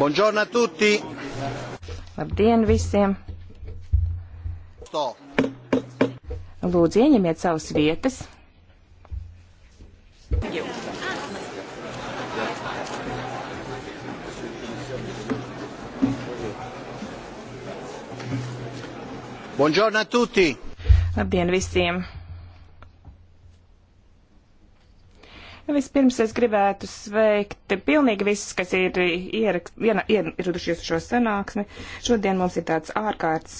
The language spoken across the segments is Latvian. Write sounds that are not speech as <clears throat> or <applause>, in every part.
Buongiorno a tutti. Labdien visiem. Stop. Lūdzu, ieņemiet savas vietas. Buongiorno a tutti. Labdien visiem. Vispirms es gribētu sveikt pilnīgi visus, kas ir ieradušies uz šo sanāksmi. Šodien mums ir tāds ārkārtas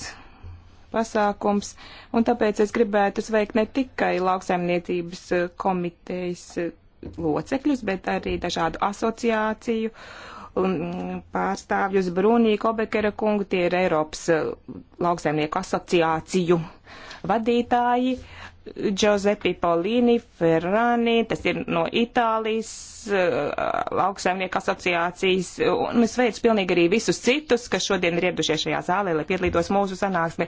pasākums, un tāpēc es gribētu sveikt ne tikai lauksaimniecības eh, komitejas eh, locekļus, bet arī dažādu asociāciju un mm, pārstāvjus Brūnī Kobekera kungu, tie ir Eiropas eh, lauksaimnieku asociāciju vadītāji, Giuseppe Paulini Ferrani, tas ir no Itālijas eh, lauksaimnieku asociācijas, un es veicu pilnīgi arī visus citus, kas šodien ir ieradušies šajā zālē, lai piedalītos mūsu sanāksmē.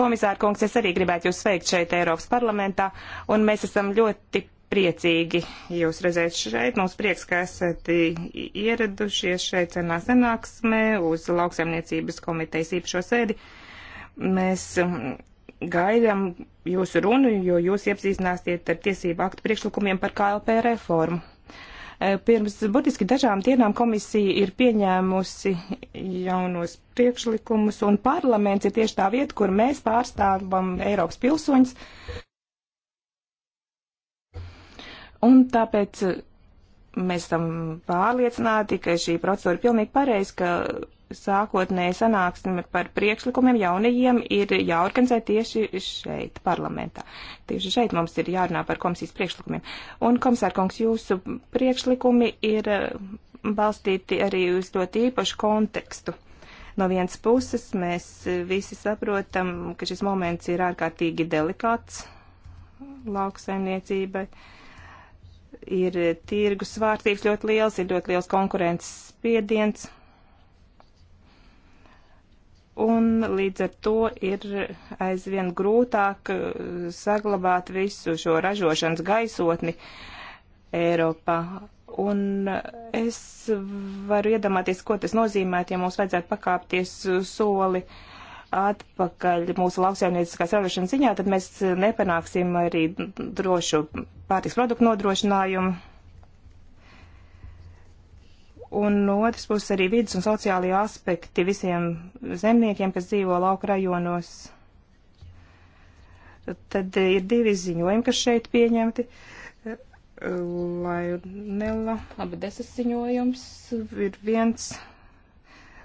Komisāra kungs, es arī gribētu jūs sveikt šeit Eiropas parlamentā, un mēs esam ļoti priecīgi jūs redzēt šeit. Mums prieks, ka esat ieradušies šeit senā sanāksmē uz lauksaimniecības komitejas īpašo sēdi. Mēs gaidām jūsu runu, jo jūs iepazīstināsiet ar tiesību aktu priekšlikumiem par KLP reformu. E, pirms burtiski dažām dienām komisija ir pieņēmusi jaunos priekšlikumus, un parlaments ir tieši tā vieta, kur mēs pārstāvam Eiropas pilsoņus. Un tāpēc mēs esam pārliecināti, ka šī procedūra ir pilnīgi pareiza, ka sākotnēja sanāksme par priekšlikumiem jaunajiem ir jāorganizē tieši šeit, parlamentā. Tieši šeit mums ir jārunā par komisijas priekšlikumiem. Un, komisārkungs, jūsu priekšlikumi ir eh, balstīti arī uz ļoti īpašu kontekstu. No vienas puses mēs visi saprotam, ka šis moments ir ārkārtīgi delikāts lauksaimniecībai. Ir tirgus svārstības ļoti liels, ir ļoti liels konkurences spiediens un līdz ar to ir aizvien grūtāk eh, saglabāt visu šo ražošanas gaisotni Eiropā. Un es varu iedomāties, ko tas nozīmētu, ja mums vajadzētu pakāpties soli atpakaļ mūsu lauksaimnieciskās ražošanas ziņā, tad mēs nepanāksim arī drošu pārtiks produktu nodrošinājumu Un no otras puses arī vidas un sociālajie aspekti visiem zemniekiem, kas dzīvo lauka rajonos. Tad ir divi ziņojumi, kas šeit pieņemti. Lai Nela, abi desas ziņojums ir viens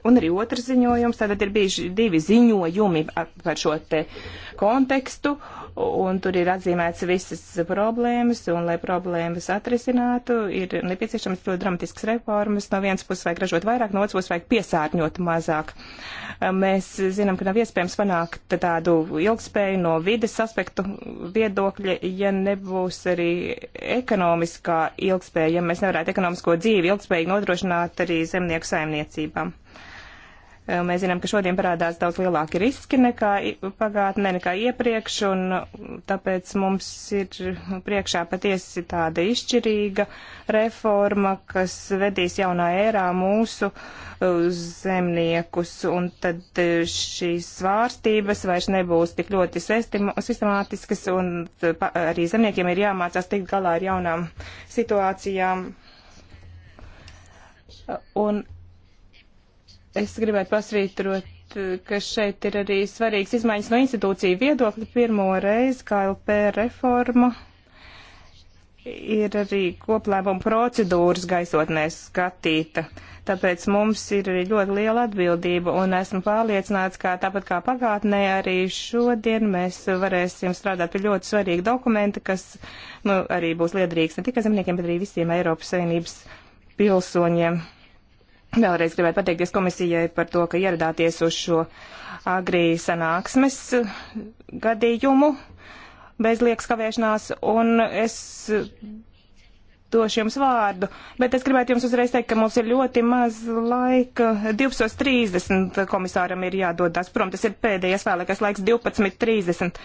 Un arī otrs ziņojums, tātad ir bijuši divi ziņojumi par šo te kontekstu, un tur ir atzīmēts visas problēmas, un lai problēmas atrisinātu, ir nepieciešams ļoti dramatisks reformas. No vienas puses vajag ražot vairāk, no otras puses vajag piesārņot mazāk. Mēs zinām, ka nav iespējams panākt tādu ilgspēju no vides aspektu viedokļa, ja nebūs arī ekonomiskā ilgspēja, ja mēs nevarētu ekonomisko dzīvi ilgspējīgi nodrošināt arī zemnieku saimniecībām. Eh, mēs zinām, ka šodien parādās daudz lielāki riski nekā pagātnē, nekā iepriekš, un mm, tāpēc mums ir priekšā patiesi tāda izšķirīga reforma, kas vedīs jaunā ērā mūsu eh, zemniekus, un tad eh, šīs svārstības vairs nebūs tik ļoti sistemātiskas, un arī zemniekiem ir jāmācās tikt galā ar jaunām situācijām. Un Es gribētu pasvītrot, ka šeit ir arī svarīgs izmaiņas no institūciju viedokļa. Pirmo reizi KLP reforma ir arī koplēmuma procedūras gaisotnē skatīta. Tāpēc mums ir arī ļoti liela atbildība un esmu pārliecināts, ka tāpat kā pagātnē arī šodien mēs varēsim strādāt pie ļoti svarīga dokumenta, kas nu, arī būs liederīgs ne tikai zemniekiem, bet arī visiem Eiropas Savienības pilsoņiem. Vēlreiz gribētu pateikties komisijai par to, ka ieradāties uz šo agrī sanāksmes gadījumu bez liekas kavēšanās, un es došu jums vārdu, bet es gribētu jums uzreiz teikt, ka mums ir ļoti maz laika. 12.30 komisāram ir jādodas prom, tas ir pēdējais vēlākais laiks 12.30.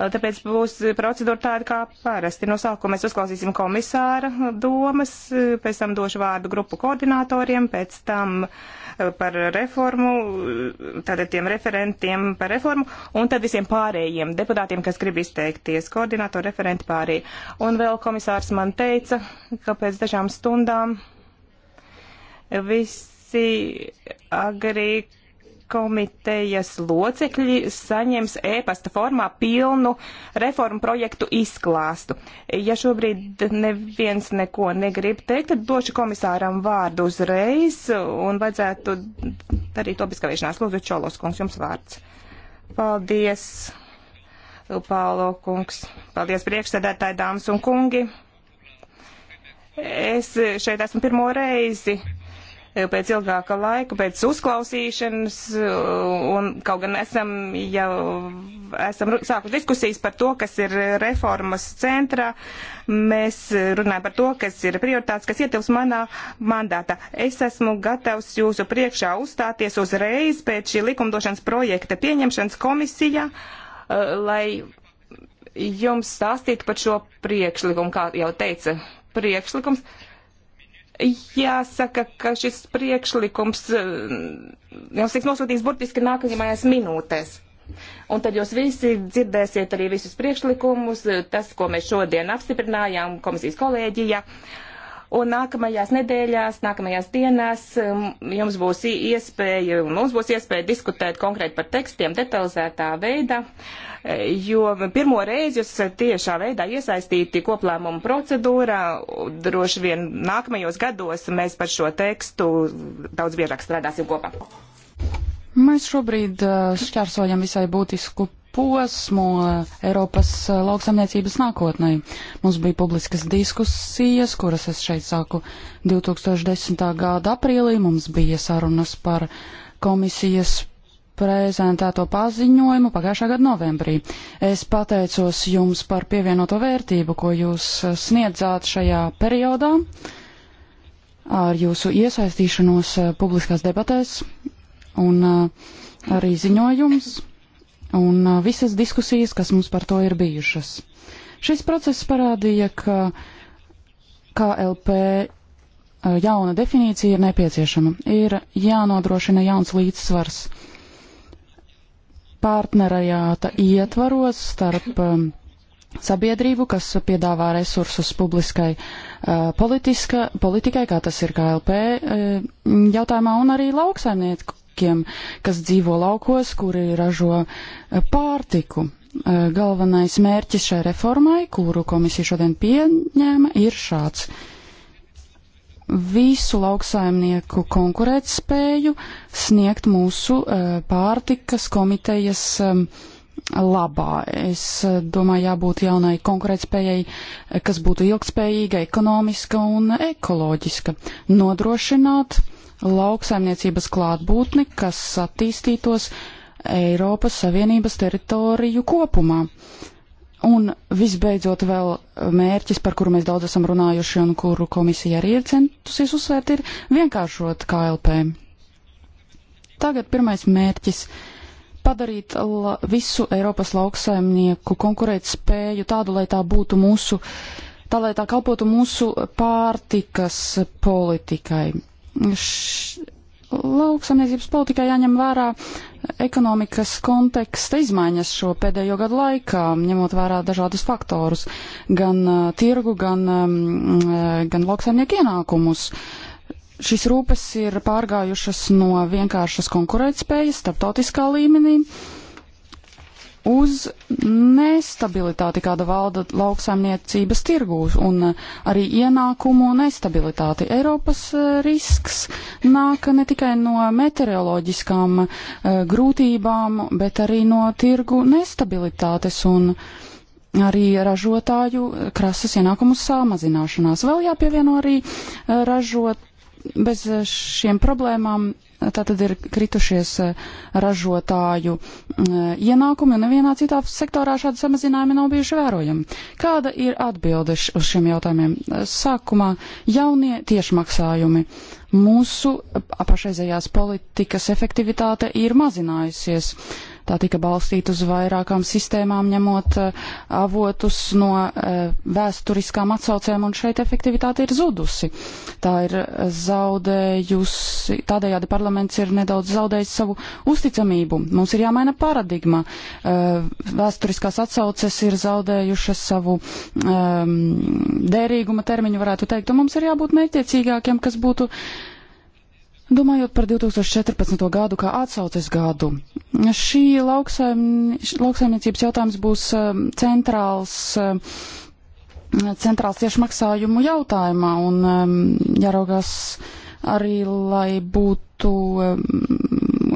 Tāpēc būs procedūra tāda kā parasti. No sākuma mēs uzklausīsim komisāra domas, pēc tam došu vārdu grupu koordinatoriem, pēc tam eh, par reformu, tātad tiem referentiem par reformu, un tad visiem pārējiem deputātiem, kas grib izteikties, koordinatori, referenti pārējie. Un vēl komisārs man teica, ka pēc dažām stundām visi agrīk komitejas locekļi saņems ēpasta e formā pilnu reformu projektu izklāstu. Ja šobrīd neviens neko negrib teikt, tad došu komisāram vārdu uzreiz un vajadzētu darīt to bez kavēšanās. Lūdzu, Čolos kungs, jums vārds. Paldies, Paulo kungs. Paldies, priekšsēdētāji, dāmas un kungi. Es šeit esmu pirmo reizi pēc ilgāka laika, pēc uzklausīšanas, un kaut gan esam jau esam sākuši diskusijas par to, kas ir reformas centrā, mēs runājam par to, kas ir prioritāts, kas ietilps manā mandātā. Es esmu gatavs jūsu priekšā uzstāties uzreiz pēc šī likumdošanas projekta pieņemšanas komisijā, eh, lai jums stāstītu par šo priekšlikumu, kā jau teica priekšlikums. Uh, Jāsaka, ka šis priekšlikums eh, jums tiks nosūtīts burtiski nākamajās minūtēs. Un tad jūs visi dzirdēsiet arī visus priekšlikumus, eh, tas, ko mēs šodien apstiprinājām komisijas kolēģijā. Uh, Un nākamajās nedēļās, nākamajās dienās um, jums būs iespēja, mums būs iespēja diskutēt konkrēti par tekstiem detalizētā veidā, e, jo pirmo reizi jūs tiešā veidā iesaistīti koplēmumu procedūrā. Droši vien nākamajos gados mēs par šo tekstu daudz biežāk strādāsim kopā. Mēs šobrīd šķērsojam visai būtisku posmu Eiropas lauksamniecības nākotnē. Mums bija publiskas diskusijas, kuras es šeit sāku 2010. gada aprīlī. Mums bija sarunas par komisijas prezentēto paziņojumu pagājušā gada novembrī. Es pateicos jums par pievienoto vērtību, ko jūs sniedzāt šajā periodā ar jūsu iesaistīšanos publiskās debatēs un eh, arī ziņojums un eh, visas diskusijas, kas mums par to ir bijušas. Šis process parādīja, ka KLP eh, jauna definīcija ir nepieciešama. Ir jānodrošina jauns līdzsvars partnerajāta ietvaros starp sabiedrību, kas piedāvā resursus publiskai politiska, politikai, kā tas ir KLP jautājumā, un arī lauksaimnieku cilvēkiem, kas dzīvo laukos, kuri ražo e, pārtiku. E, galvenais mērķis šai reformai, kuru komisija šodien pieņēma, ir šāds visu lauksaimnieku konkurētspēju sniegt mūsu e, pārtikas komitejas labā. Es domāju, jābūt jaunai konkurētspējai, kas būtu ilgspējīga, ekonomiska un ekoloģiska. Nodrošināt uh, lauksaimniecības klātbūtni, kas attīstītos Eiropas Savienības teritoriju kopumā. Un visbeidzot vēl mērķis, par kuru mēs daudz esam runājuši un kuru komisija arī ir centusies uzsvērt, ir vienkāršot KLP. Tagad pirmais mērķis - padarīt la, visu Eiropas lauksaimnieku konkurēt spēju tādu, lai tā būtu mūsu, tā lai tā kalpotu mūsu pārtikas politikai lauksamniecības politikā jāņem vērā ekonomikas konteksta izmaiņas šo pēdējo gadu laikā, ņemot vērā dažādus faktorus, gan uh, tirgu, gan, um, gan lauksaimnieku ienākumus. Šis rūpes ir pārgājušas no vienkāršas konkurētspējas starptautiskā līmenī. Uh, uz nestabilitāti, kāda valda lauksaimniecības tirgūs, un eh, arī ienākumu nestabilitāti. Eiropas eh, risks nāk ne tikai no meteoroloģiskām uh, grūtībām, bet arī no tirgu nestabilitātes un arī ražotāju krasas ienākumu samazināšanās. Vēl jāpievieno arī ražot bez šiem problēmām tātad ir kritušies eh, ražotāju eh, ienākumi, un nevienā citā sektorā šādi samazinājumi nav bijuši vērojami. Kāda ir atbilde uz šiem jautājumiem? Eh, sākumā jaunie tiešmaksājumi. Mūsu pašreizējās politikas efektivitāte ir mazinājusies. Uh, Tā tika balstīta uz vairākām sistēmām, ņemot eh, avotus no eh, vēsturiskām atsaucēm, un šeit efektivitāte ir zudusi. Tā ir eh, zaudējusi, tādējādi parlaments ir nedaudz zaudējis savu uzticamību. Mums ir jāmaina paradigma. Vēsturiskās atsauces ir zaudējušas savu um, derīguma termiņu, varētu teikt, un mums ir jābūt mērķiecīgākiem, kas būtu uh, Domājot par 2014. gadu kā atsauces gadu, šī lauksaimniecības jautājums būs um, centrāls, um, centrāls tiešmaksājumu jautājumā un um, jāraugās arī, lai būtu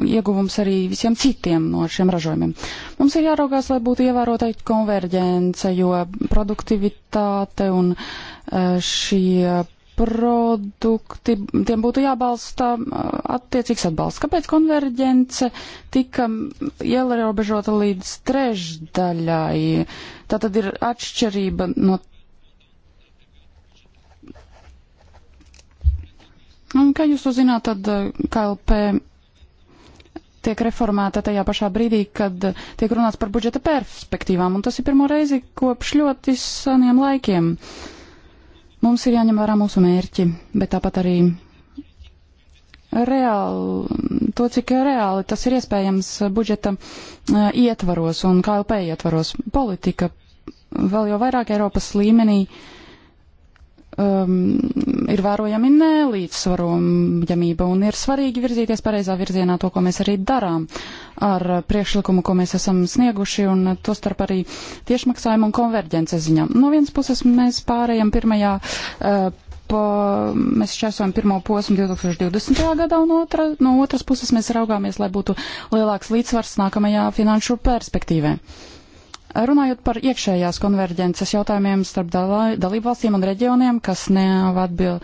ieguvums arī visiem citiem no šiem ražojumiem. Mums ir jāraugās, lai būtu ievērota konverģence, jo produktivitāte un uh, šie produkti, tiem būtu jābalsta attiecīgs atbalsts. Kāpēc konverģence tika ielierobežota līdz trešdaļai? Tā tad ir atšķirība no. Un, kā jūs to zināt, tad KLP tiek reformēta tajā pašā brīdī, kad tiek runāts par budžeta perspektīvām, un tas ir pirmo reizi kopš ļoti saniem laikiem. Uh, Mums ir jāņem vērā mūsu mērķi, bet tāpat arī reāli, to, cik reāli tas ir iespējams budžeta e, ietvaros un KLP ietvaros. Politika vēl jau vairāk Eiropas līmenī uh, um, ir vērojami nelīdzsvarojamība un ir svarīgi virzīties pareizā virzienā to, ko mēs arī darām ar priekšlikumu, ko mēs esam snieguši un to starp arī tiešmaksājumu un konverģences ziņā. No vienas puses mēs pārējām pirmajā. Uh, Pa, mēs šķērsojam pirmo posmu 2020. gadā, un otra, no otras puses mēs raugāmies, lai būtu lielāks līdzsvars nākamajā finanšu perspektīvē. Uh, Runājot par iekšējās konverģences jautājumiem starp dalību valstīm un reģioniem, kas, neatbil,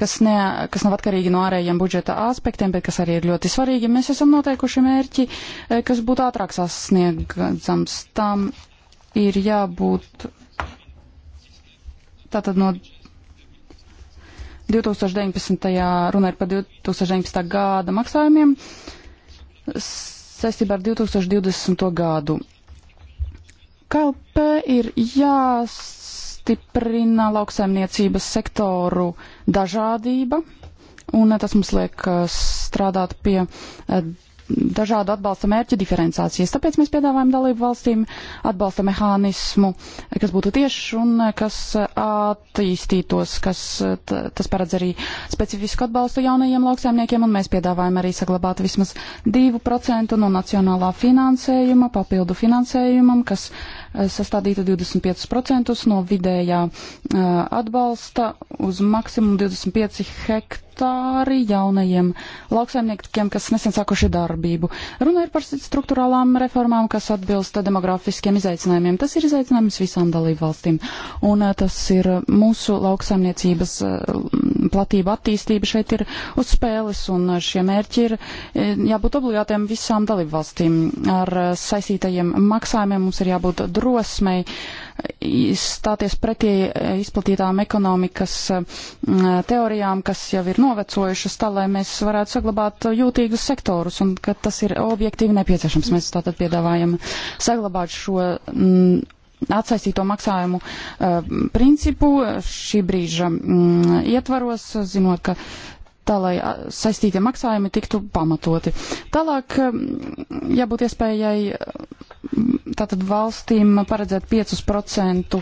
kas, ne, kas nav atkarīgi no ārējiem budžeta aspektiem, bet kas arī ir ļoti svarīgi, mēs esam noteikuši mērķi, eh, kas būtu ātrāk sasniegams. Tam ir jābūt tātad no 2019. runa ir par 2019. gada maksājumiem saistībā ar 2020. gadu. KLP ir jāstiprina lauksaimniecības sektoru dažādība, un tas mums liek eh, strādāt pie eh, dažādu atbalsta mērķu diferenciācijas. Tāpēc mēs piedāvājam dalību valstīm atbalsta mehānismu, kas būtu tieši un kas attīstītos, kas tas paredz arī specifisku atbalstu jaunajiem lauksēmniekiem, un mēs piedāvājam arī saglabāt vismaz 2% no nacionālā finansējuma, papildu finansējumam, kas eh, sastādītu 25% no vidējā eh, atbalsta uz maksimumu 25 hektāru prioritāri jaunajiem lauksaimniekiem, kas nesen sākuši darbību. Runa ir par struktūrālām reformām, kas atbilst demografiskiem izaicinājumiem. Tas ir izaicinājums visām dalību valstīm. Un eh, tas ir mūsu lauksaimniecības eh, platība attīstība šeit ir uz spēles, un eh, šie mērķi ir jābūt obligātiem visām dalību valstīm. Ar saistītajiem maksājumiem mums ir jābūt drosmei. Uh, stāties pretī izplatītām ekonomikas mm, teorijām, kas jau ir novecojušas, tā lai mēs varētu saglabāt jūtīgus sektorus un ka tas ir objektīvi nepieciešams. Mēs tātad piedāvājam saglabāt šo mm, atsaistīto maksājumu uh, principu šī brīža mm, ietvaros, zinot, ka tā lai saistītie maksājumi tiktu pamatoti. Tālāk jābūt iespējai tātad valstīm paredzēt 5%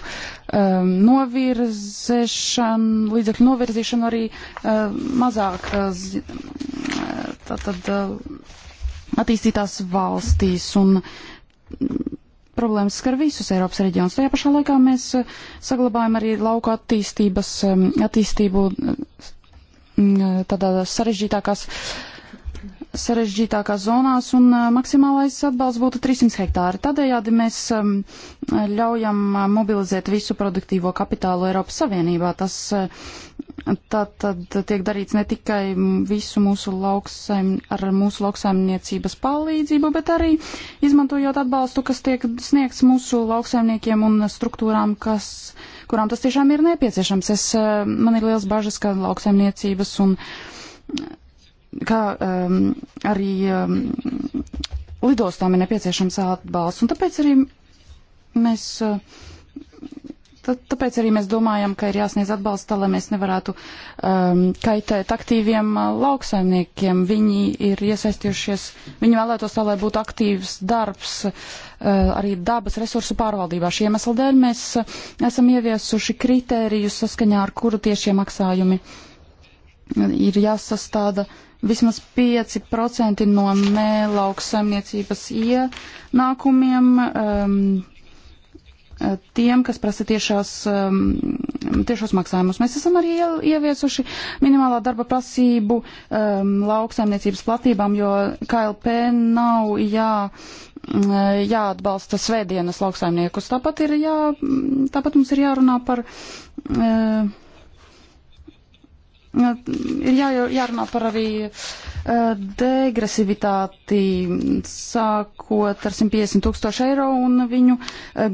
novirzēšanu, līdzekļu novirzīšanu arī mazāk tātad attīstītās valstīs un problēmas skar visus Eiropas reģionus. Tajā pašā laikā mēs saglabājam arī lauku attīstības, attīstību Mm, tādā sarežģītākās, sarežģītākās zonās, un eh, maksimālais atbalsts būtu 300 hektāri. Tādējādi mēs mm, ļaujam eh, mobilizēt visu produktīvo kapitālu Eiropas Savienībā. Tas eh, tā tad tiek darīts ne tikai mm, visu mūsu lauksaim, ar mūsu lauksaimniecības palīdzību, bet arī izmantojot atbalstu, kas tiek sniegts mūsu lauksaimniekiem un struktūrām, kas uh, kurām tas tiešām ir nepieciešams. Es, eh, man ir liels bažas, ka lauksaimniecības un eh, kā um, ehm, arī um, lidostām ir nepieciešams atbalsts. Un tāpēc arī mēs uh, Tāpēc arī mēs domājam, ka ir jāsniedz atbalsta, lai mēs nevarētu um, kaitēt aktīviem uh, lauksaimniekiem. Viņi ir iesaistījušies, viņi vēlētos tā, lai būtu aktīvs darbs uh, arī dabas resursu pārvaldībā. Šī iemesla dēļ mēs uh, esam ieviesuši kritērijus, saskaņā ar kuru tiešie maksājumi uh, ir jāsastāda vismaz 5% no mēlauksaimniecības ienākumiem. Um, tiem, kas prasa tiešās, um, tiešos maksājumus. Mēs esam arī ieviesuši minimālā darba prasību um, lauksaimniecības platībām, jo KLP nav jā, mm, jāatbalsta svētdienas lauksaimniekus. Tāpat, ir jā, tāpat mums ir jārunā par. Uh, ir jā, jārunā par arī degresivitāti, sākot ar 150 tūkstošu eiro un viņu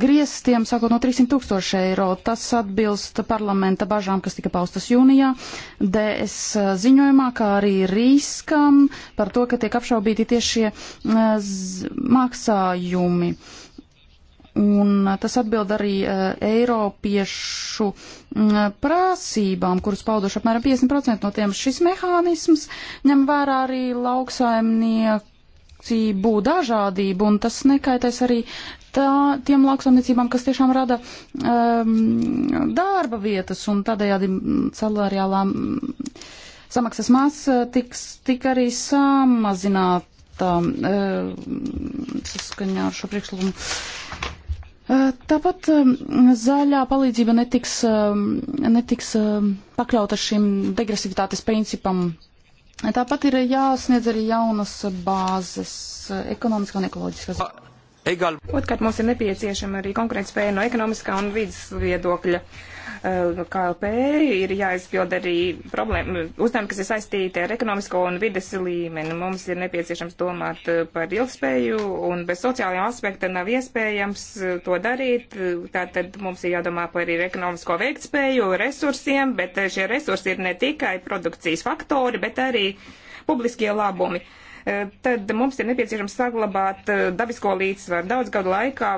griestiem, sākot no 300 tūkstošu eiro. Tas atbilst parlamenta bažām, kas tika paustas jūnijā, DS ziņojumā, kā arī riskam par to, ka tiek apšaubīti tieši maksājumi. Uh, un eh, tas atbild arī eh, Eiropiešu mm, eh, prasībām, kuras pauduši apmēram 50% no tiem. Šis mehānisms ņem vērā arī lauksaimniecību dažādību, un tas nekaitais arī tā, tiem lauksaimniecībām, kas tiešām rada um, darba vietas un tādējādi mm, salariālā mm, samaksas masa tiks tik arī samazināta ehm, saskaņā ar šo priekšlikumu. Eh, tāpat eh, zaļā palīdzība netiks, eh, netiks pakļauta šim degresivitātes principam. Tāpat ir jāsniedz arī jaunas bāzes ekonomiskā un ekoloģiskā. Otrkārt, mums ir nepieciešama arī konkurētspēja no ekonomiskā un vidas viedokļa. Uh, Eh, KLP ir jāizpild arī problēma, uzdevumi, kas ir saistīti ar ekonomisko un vides līmeni. Mums ir nepieciešams domāt eh, par ilgspēju, un bez sociālajiem aspekta nav iespējams eh, to darīt. Tātad mums ir jādomā par arī ekonomisko veiktspēju, resursiem, bet šie resursi ir ne tikai produkcijas faktori, bet arī publiskie labumi tad mums ir nepieciešams saglabāt dabisko līdzsvaru. Daudz gadu laikā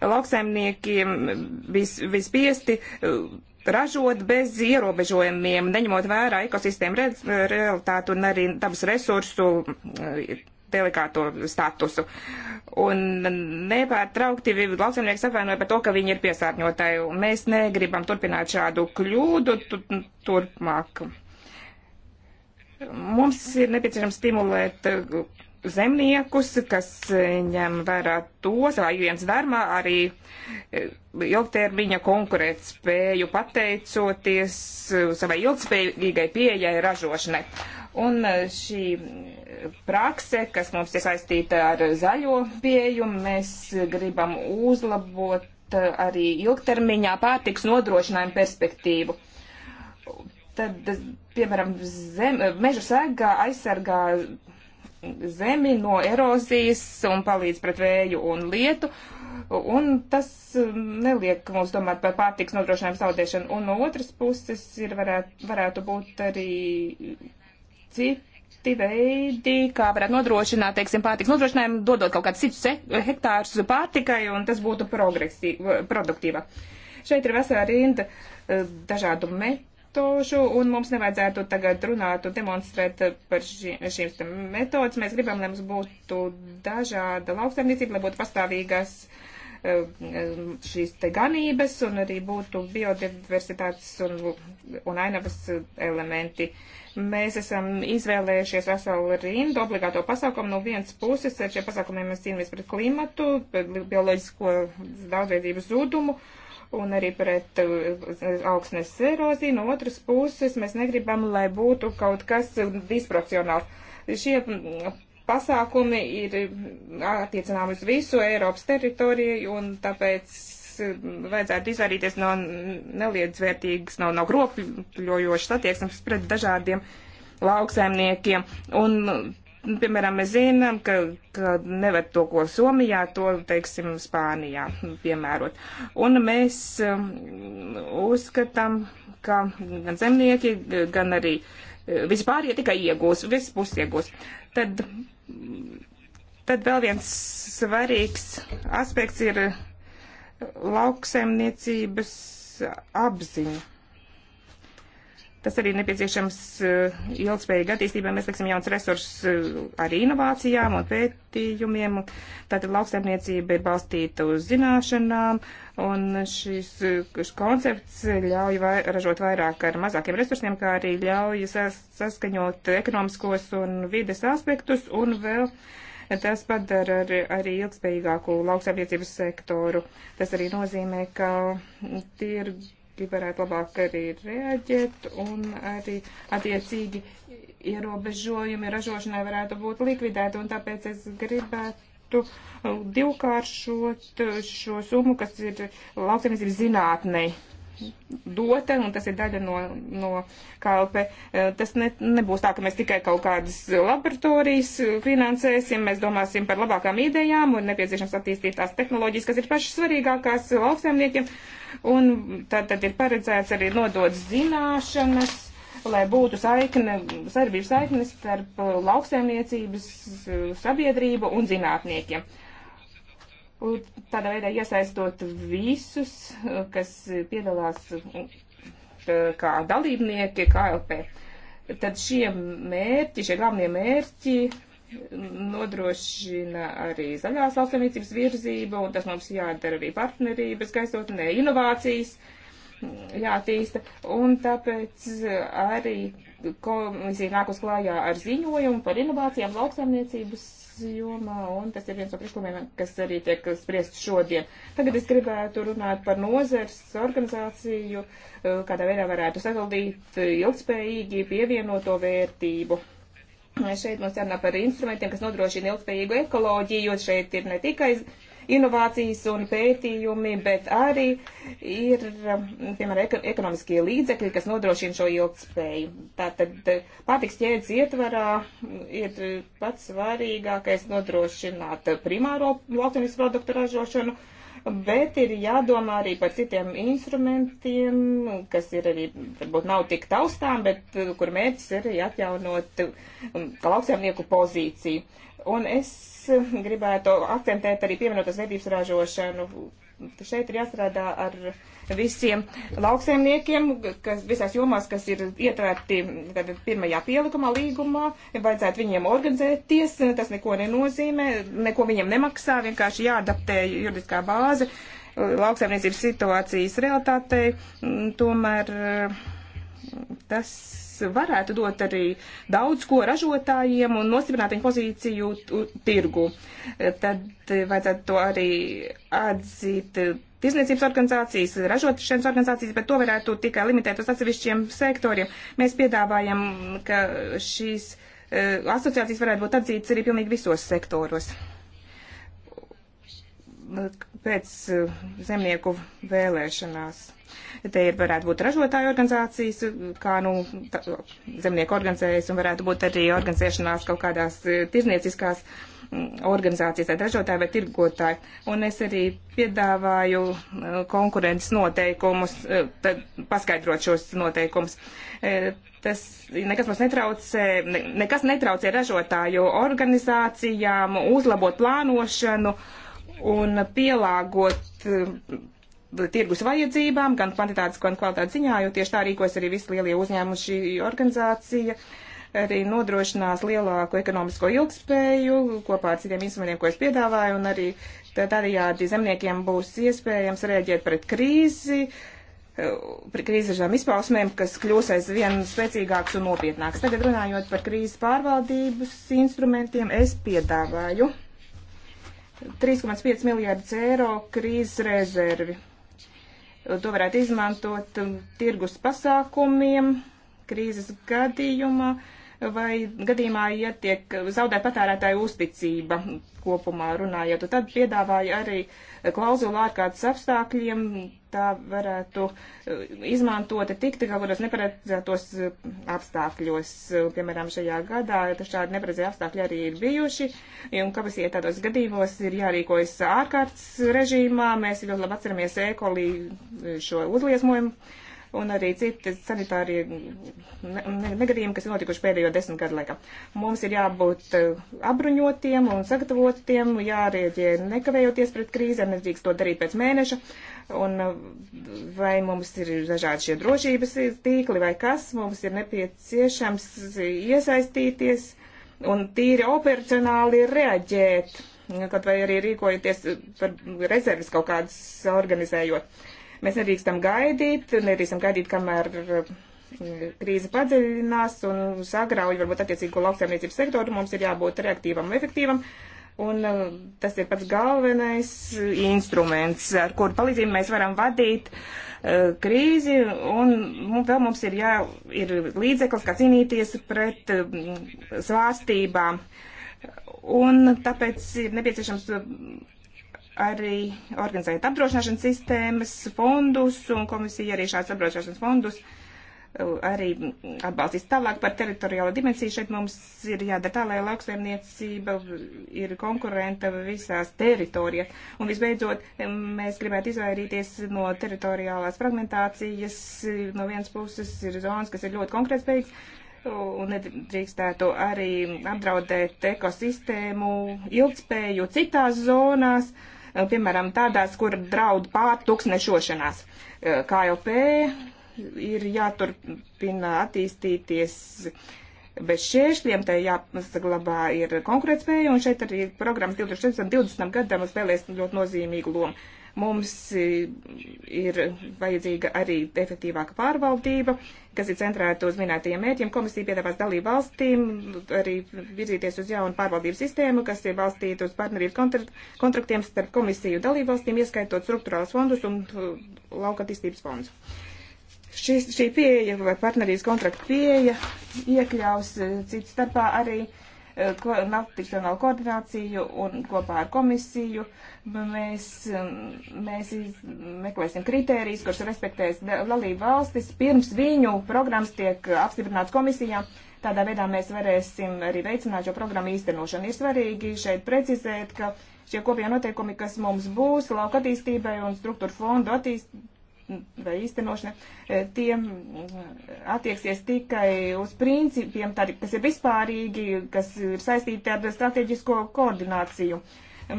lauksaimniekiem bija spiesti ražot bez ierobežojumiem, neņemot vērā ekosistēmu re realitātu un arī dabas resursu eh, delikāto statusu. Un nepārtraukti lauksaimnieki savainoja par to, ka viņi ir piesārņotāji. Mēs negribam turpināt šādu kļūdu turpmāk. Mums ir nepieciešams stimulēt eh, zemniekus, kas eh, ņem vērā to savā jūjienas darmā arī ilgtermiņa konkurētspēju pateicoties savai ilgspējīgai pieejai ražošanai. Un e, šī prakse, kas mums ir saistīta ar zaļo pieju, mēs gribam uzlabot e, arī ilgtermiņā pārtiks nodrošinājumu perspektīvu. Tad, e, piemēram, zem, meža sēgā aizsargā zemi no erozijas un palīdz pret vēju un lietu. Uh, Un tas um, neliek mums domāt par pārtiks nodrošinājumu zaudēšanu. Un no otras puses ir varētu, varētu būt arī citi veidi, kā varētu nodrošināt, teiksim, pārtiks nodrošinājumu, dodot kaut kādus citus hektārus pārtikai, un tas būtu produktīvāk. Šeit ir vesela rinda uh, dažādu metodu metožu, un mums nevajadzētu tagad runāt un demonstrēt par šīm metodas. Mēs gribam, lai mums būtu dažāda lauksaimniecība, lai būtu pastāvīgas eh, šīs te ganības, un arī būtu biodiversitātes un, un ainavas elementi. Mēs esam izvēlējušies veselu rindu obligāto pasākumu. No vienas puses, ar šiem pasākumiem mēs cīnāmies pret klimatu, bioloģisko daudzveidību zudumu, uh, un arī pret uh, augsnes eroziju. No otras puses, mēs negribam, lai būtu kaut kas disproporcionāls. Šie mm, pasākumi ir attiecināmi uz visu Eiropas teritoriju, un tāpēc mm, vajadzētu izvairīties no neliedzvērtīgas, no, no gropļojošas attieksmes pret dažādiem lauksaimniekiem. Un Piemēram, mēs zinām, ka, ka nevar to, ko Somijā, to, teiksim, Spānijā piemērot. Un mēs um, uzskatām, ka gan zemnieki, gan arī eh, vispār, ja tikai iegūs, viss puses iegūs. Tad, tad vēl viens svarīgs aspekts ir lauksaimniecības apziņa Tas arī nepieciešams eh, ilgspējīga attīstībai. Mēs liksim jauns resursus eh, arī inovācijām un pētījumiem. Tātad lauksaimniecība ir balstīta uz zināšanām, un šis, eh, šis koncepts ļauj vai, ražot vairāk ar mazākiem resursiem, kā arī ļauj sas, saskaņot ekonomiskos un vides aspektus, un vēl tas padara ar, arī ilgspējīgāku lauksaimniecības sektoru. Tas arī nozīmē, ka tirgu varētu labāk arī reaģēt un arī attiecīgi ierobežojumi ražošanai varētu būt likvidēti. Un tāpēc es gribētu divkāršot šo summu, kas ir lauksaimniecības zinātnei dota, un tas ir daļa no, no KLP. Tas ne, nebūs tā, ka mēs tikai kaut kādas laboratorijas finansēsim, mēs domāsim par labākām idejām un nepieciešams attīstīt tās tehnoloģijas, kas ir pašas svarīgākās lauksaimniekiem, un tad, tad ir paredzēts arī nodot zināšanas, lai būtu saikne, sarbības saikne starp uh, lauksēmniecības uh, sabiedrību un zinātniekiem. Un tādā veidā iesaistot visus, uh, kas piedalās kā dalībnieki KLP. Tad šie mērķi, šie galvenie mērķi nodrošina arī zaļās lauksaimniecības virzība, un tas mums jādara arī partnerības gaisotnē, inovācijas mm, jātīsta, un tāpēc arī komisija nāk uz klājā ar ziņojumu par inovācijām lauksaimniecības jomā, un tas ir viens no priekšlikumiem, kas arī tiek spriests šodien. Tagad es gribētu runāt par nozars organizāciju, kādā veidā varētu sasaldīt ilgspējīgi pievienoto vērtību. Šeit mums jārunā par instrumentiem, kas nodrošina ilgspējīgu ekoloģiju, jo šeit ir ne tikai inovācijas un pētījumi, bet arī ir, piemēram, ekonomiskie līdzekļi, kas nodrošina šo ilgspēju. Tātad eh, pārtiks ķēdes ietvarā ir pats svarīgākais nodrošināt primāro lauksaimnes produktu ražošanu bet ir jādomā arī par citiem instrumentiem, kas ir arī, varbūt nav tik taustām, bet uh, kur mērķis ir arī atjaunot um, lauksēmnieku pozīciju. Un es uh, gribētu akcentēt arī pievienotās vērtības ražošanu, šeit ir jāstrādā ar visiem lauksaimniekiem, kas visās jomās, kas ir ietvērti pirmajā pielikumā līgumā, vajadzētu viņiem organizēties, tas neko nenozīmē, neko viņiem nemaksā, vienkārši jāadaptē juridiskā bāze lauksaimniecības situācijas realitātei, tomēr tas varētu dot arī daudz ko ražotājiem un nostiprināt viņu pozīciju tirgu. Tad vajadzētu to arī atzīt tirzniecības organizācijas, ražošanas organizācijas, bet to varētu tikai limitēt uz atsevišķiem sektoriem. Mēs piedāvājam, ka šīs eh, asociācijas varētu būt atzītas arī pilnīgi visos sektoros. Nu, pēc eh, zemnieku vēlēšanās. Te ir varētu būt ražotāju organizācijas, kā nu tā, zemnieku organizējas, un varētu būt arī organizēšanās kaut kādās eh, tirznieciskās mm, organizācijas, tad ražotāji vai tirgotāji. Un es arī piedāvāju eh, konkurences noteikumus, tad paskaidrot šos noteikumus. Tas nekas mums netraucē, nekas netraucē ražotāju organizācijām uzlabot plānošanu un pielāgot eh, tirgus vajadzībām, gan kvantitātes, gan kvalitātes ziņā, jo tieši tā rīkos arī visi lielie uzņēmumi šī organizācija arī nodrošinās lielāku ekonomisko ilgspēju kopā ar citiem instrumentiem, ko es piedāvāju, un arī tādējādi zemniekiem būs iespējams rēģēt pret krīzi, eh, pret krīzežām izpausmēm, kas kļūs aizvien spēcīgāks un nopietnāks. Tagad runājot par krīzes pārvaldības instrumentiem, es piedāvāju 3,5 miljārdus eiro krīzes rezervi. To varētu izmantot um, tirgus pasākumiem krīzes gadījumā vai gadījumā, ja tiek zaudēt patērētāju uzticība kopumā runājot. Tad piedāvāja arī klauzulu ārkārtas apstākļiem tā varētu eh, izmantota tikt kaut kādos neparedzētos eh, apstākļos. Eh, piemēram, šajā gadā šādi neparedzēti apstākļi arī ir bijuši, un kāpēc iet tādos gadījumos ir jārīkojas ārkārtas režīmā. Mēs ļoti labi atceramies ekoli šo uzliesmojumu un arī citi sanitārie negadījumi, kas ir notikuši pēdējo desmit gadu laikā. Mums ir jābūt eh, apbruņotiem un sagatavotiem, jārieģē nekavējoties pret krīzēm, nedrīkst to darīt pēc mēneša. Un eh, vai mums ir dažādi šie drošības tīkli vai kas, mums ir nepieciešams iesaistīties un tīri operacionāli reaģēt, kaut vai arī rīkojoties par rezerves kaut kādas organizējot. Uh, Mēs nedrīkstam gaidīt, nedrīkstam gaidīt, kamēr eh, krīze padziļinās un sagrauj varbūt attiecīgo lauksaimniecības sektoru. Mums ir jābūt reaktīvam un efektīvam. Un eh, tas ir pats galvenais instruments, ar kuru palīdzību mēs varam vadīt uh, krīzi, un mums, vēl mums ir, jā, ir līdzeklis, kā cīnīties pret uh, svārstībām. Un tāpēc ir nepieciešams arī organizēt apdrošināšanas sistēmas, fondus, un komisija arī šāds apdrošināšanas fondus uh, arī atbalstīs tālāk par teritoriālo dimensiju. Šeit mums ir jādara tā, lai lauksaimniecība ir konkurenta visās teritorijās. Un visbeidzot, um, mēs gribētu izvairīties no teritoriālās fragmentācijas. No vienas puses ir zonas, kas ir ļoti konkrētspējīgas, un nedrīkstētu arī apdraudēt ekosistēmu ilgspēju citās zonās. Uh, Eh, piemēram, tādās, kur draud pārtuksnešošanās. Eh, KLP ir jāturpina attīstīties bez šķēršļiem, tai jāsaglabā ir konkurētspēja, un šeit arī programmas 2020. gadam spēlēs ļoti nozīmīgu lomu. Mums ir vajadzīga arī efektīvāka pārvaldība, kas ir centrēta uz minētajiem mērķiem. Komisija piedāvās dalību valstīm arī virzīties uz jaunu pārvaldības sistēmu, kas ir balstīta uz partnerības kontraktiem starp komisiju dalību valstīm, ieskaitot struktūrālus fondus un uh, lauka attīstības fondus. Šis, šī pieeja vai partnerības kontrakta pieeja iekļaus uh, cits starpā arī uh, nacionālu koordināciju un kopā ar komisiju mēs, um, mēs meklēsim kritērijas, kurus respektēs dalību valstis, pirms viņu programmas tiek apstiprināts komisijā. Tādā veidā mēs varēsim arī veicināt šo programmu īstenošanu. Ir svarīgi šeit precizēt, ka šie kopējie noteikumi, kas mums būs lauka attīstībai un struktūra fondu attīstībai, vai īstenošana, e, tiem mm, attieksies tikai uz principiem, tādi, kas ir vispārīgi, kas ir saistīti ar strateģisko koordināciju.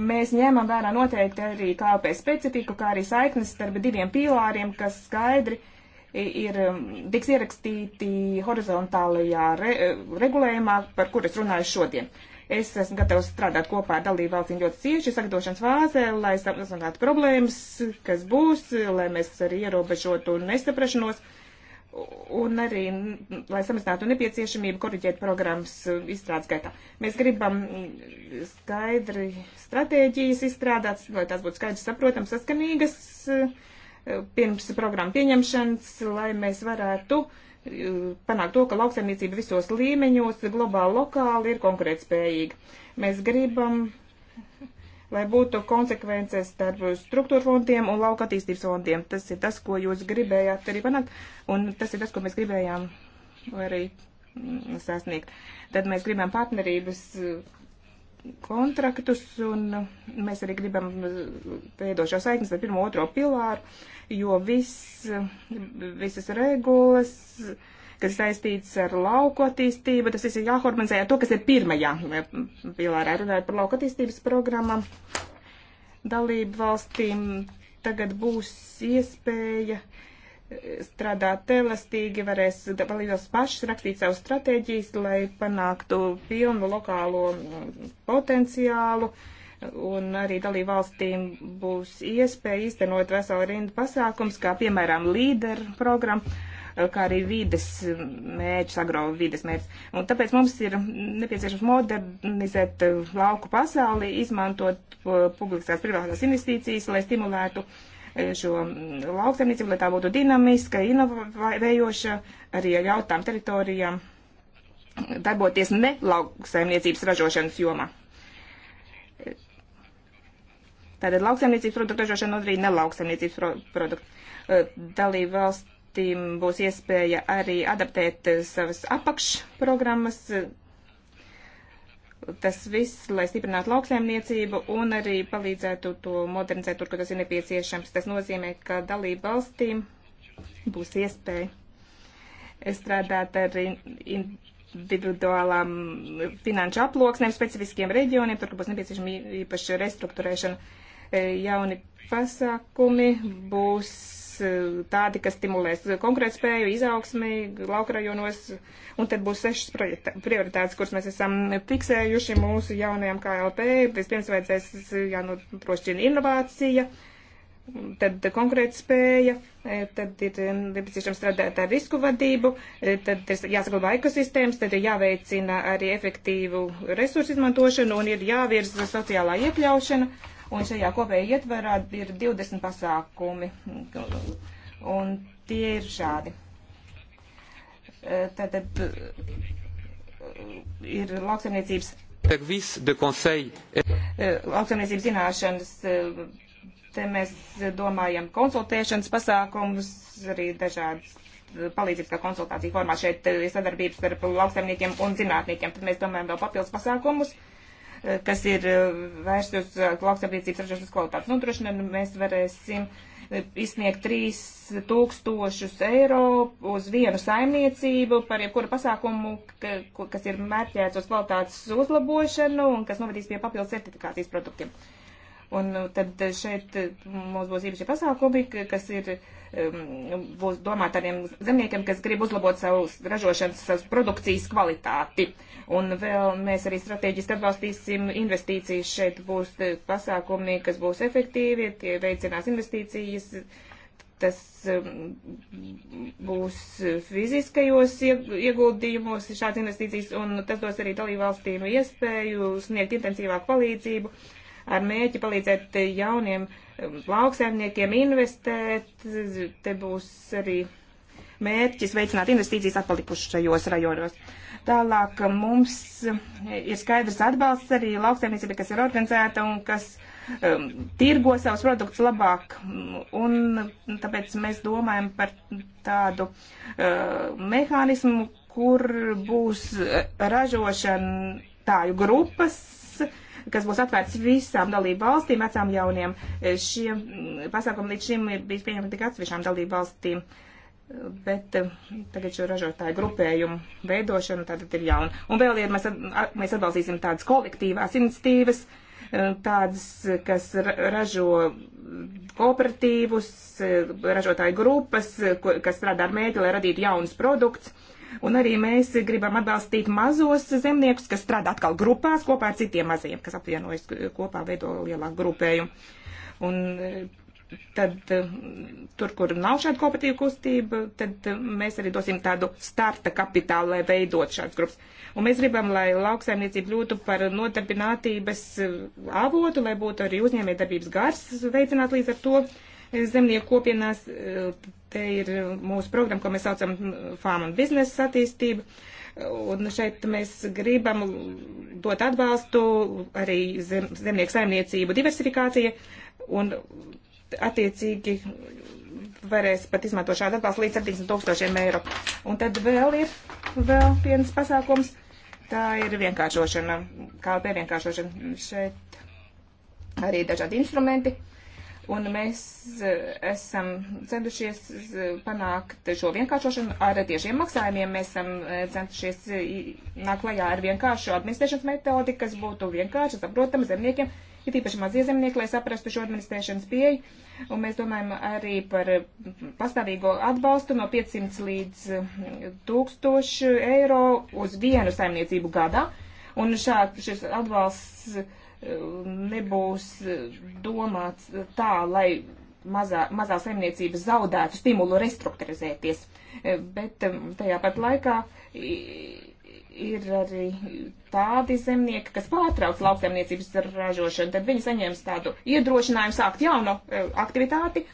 Mēs ņēmam vērā noteikti arī KLP specifiku, kā arī saiknes starp diviem pīlāriem, kas skaidri ir, mm, tiks ierakstīti horizontālajā re, e, regulējumā, par kur es runāju šodien. Uh, Es esmu gatavs strādāt kopā ar dalību valstīm ļoti cieši sagatavošanas fāzē, lai samazinātu problēmas, kas būs, lai mēs arī ierobežotu nesaprašanos un arī, lai samazinātu nepieciešamību koriģēt programmas izstrādes gaitā. Mēs gribam skaidri stratēģijas izstrādāt, lai tās būtu skaidri saprotams, saskanīgas eh, pirms programmu pieņemšanas, lai mēs varētu uh, panākt to, ka lauksaimniecība visos līmeņos, globāli, lokāli ir konkurētspējīga. Mēs gribam, lai būtu konsekvences starp struktūra fondiem un lauka attīstības fondiem. Tas ir tas, ko jūs gribējāt arī panākt, un tas ir tas, ko mēs gribējām arī mm, sasniegt. Tad mēs gribam partnerības kontraktus, un mēs arī gribam veidošā saiknes ar pirmo, otro pilāru, jo viss, visas regulas, kas saistīts ar lauku attīstību, tas viss ir jāharmonizē ar to, kas ir pirmajā pilārā, runājot par lauku attīstības programmām dalību valstīm. Tagad būs iespēja uh, strādāt elastīgi, varēs dalībās pašas rakstīt savu stratēģijas, lai panāktu pilnu lokālo mm, potenciālu. Un arī dalību valstīm būs iespēja īstenot veselu rindu pasākums, kā piemēram līderu programmu, kā arī vides mērķis, agro vides mērķis. Un tāpēc mums ir nepieciešams modernizēt lauku pasauli, izmantot uh, publiskās privātās investīcijas, lai stimulētu uh, E, šo mm, lauksaimniecību, lai tā būtu dinamiska, inovējoša, arī ļaut tām teritorijām darboties ne lauksaimniecības ražošanas jomā. Tātad lauksaimniecības produktu ražošana nodarīja ne lauksaimniecības produktu. E, dalību valstīm būs iespēja arī adaptēt savas apakšprogrammas, tas viss, lai stiprinātu lauksēmniecību un arī palīdzētu to modernizēt tur, kur tas ir nepieciešams. Tas nozīmē, ka dalība valstīm būs iespēja strādāt ar individuālām finanšu aploksnēm, specifiskiem reģioniem, tur, kur būs nepieciešama īpaša restruktūrēšana. E, jauni pasākumi būs Eh, tādi, kas stimulēs konkurētspēju, izaugsmi laukrajonos, un tad būs sešas prioritātes, kuras mēs esam fiksējuši mūsu jaunajām KLP. Vispirms vajadzēs eh, jānodrošina inovācija, tad konkurētspēja, eh, tad ir nepieciešams strādāt ar risku vadību, tad ir jāsaglabā ekosistēmas, tad ir jāveicina arī efektīvu resursu izmantošanu un ir jāvirza sociālā iekļaušana Un šajā kopējā ietverā ir 20 pasākumi. Un tie ir šādi. Tātad e, e, ir lauksaimniecības. E, lauksaimniecības zināšanas Te mēs domājam konsultēšanas pasākumus, arī dažādas palīdzības kā konsultāciju formā šeit sadarbības starp lauksaimniekiem un zinātniekiem. Tad mēs domājam vēl papildus pasākumus. Uh, kas ir eh, vērsti uz lauksaimniecības eh, ražošanas kvalitātes nodrošināšanu. Mēs varēsim eh, izsniegt 3000 eiro uz vienu saimniecību par jebkuru pasākumu, kas ir mērķēts uz kvalitātes uzlabošanu un kas novadīs pie papildus certifikācijas produktiem. Uh, Un nu, tad šeit eh, mums būs īpaši pasākumi, kas ir būs domāt tādiem zemniekiem, kas grib uzlabot savus ražošanas, savus produkcijas kvalitāti. Un vēl mēs arī strateģiski atbalstīsim investīcijas. Šeit būs eh, pasākumi, kas būs efektīvi, tie veicinās investīcijas. Tas būs fiziskajos ieguldījumos šāds investīcijas, un tas dos arī dalībvalstīm iespēju sniegt intensīvāku palīdzību ar mēķi palīdzēt jauniem um, lauksēmniekiem investēt. Te būs arī mērķis veicināt investīcijas atpalikušajos rajonos. Tālāk um, mums ir skaidrs atbalsts arī lauksaimniecībai, kas ir organizēta un kas um, tirgo savus produktus labāk. Un tāpēc mēs domājam par tādu uh, mehānismu, kur būs ražošana tāju grupas, kas būs atvērts visām dalību valstīm, vecām jauniem. E, šie pasākumi līdz šim ir bijis pieņemti tikai atsevišķām dalību valstīm. Bet e, tagad šo ražotāju grupējumu veidošanu tātad ir jauna. Un vēl ir, mēs, at, mēs atbalstīsim tādas kolektīvās iniciatīvas, e, tādas, kas ražo kooperatīvus, ražotāju grupas, kas strādā ar mēģi, lai radītu jaunus produktus Un arī mēs gribam atbalstīt mazos zemniekus, kas strādā atkal grupās kopā ar citiem maziem, kas apvienojas kopā, veido lielāku grupējumu. Un eh, tad eh, tur, kur nav šāda kooperatīva kustība, tad eh, mēs arī dosim tādu starta kapitālu, lai veidot šādas grupas. Un mēs gribam, lai lauksaimniecība kļūtu par nodarbinātības avotu, lai būtu arī uzņēmējdarbības gars veicināt līdz ar to. Uh, zemnieku kopienās. Eh, te ir eh, mūsu programma, ko mēs saucam mm, Farm and Business attīstība. Un šeit mēs gribam dot atbalstu arī zem, zemnieku saimniecību diversifikācija un attiecīgi varēs pat izmantot šādu atbalstu līdz 70 tūkstošiem eiro. Un tad vēl ir vēl viens pasākums. Tā ir vienkāršošana, KLP vienkāršošana. Šeit arī dažādi instrumenti. Uh, Un mēs e, esam centušies e, panākt šo vienkāršošanu ar tiešiem maksājumiem. Mēs esam e, centušies nāk klajā ar vienkāršu administrēšanas metodi, kas būtu vienkārši saprotama zemniekiem, ir īpaši mazie zemnieki, lai saprastu šo administrēšanas pieeju. Un mēs domājam arī par pastāvīgo atbalstu no 500 līdz 1000 eiro uz vienu saimniecību gadā. Un šāds šis atbalsts nebūs domāts tā, lai mazā, mazā saimniecība zaudētu stimulu restruktūrizēties. Bet um, tajā pat laikā ir arī tādi zemnieki, kas pārtrauc lauksaimniecības ražošanu, tad viņi saņems tādu iedrošinājumu sākt jaunu e, aktivitāti,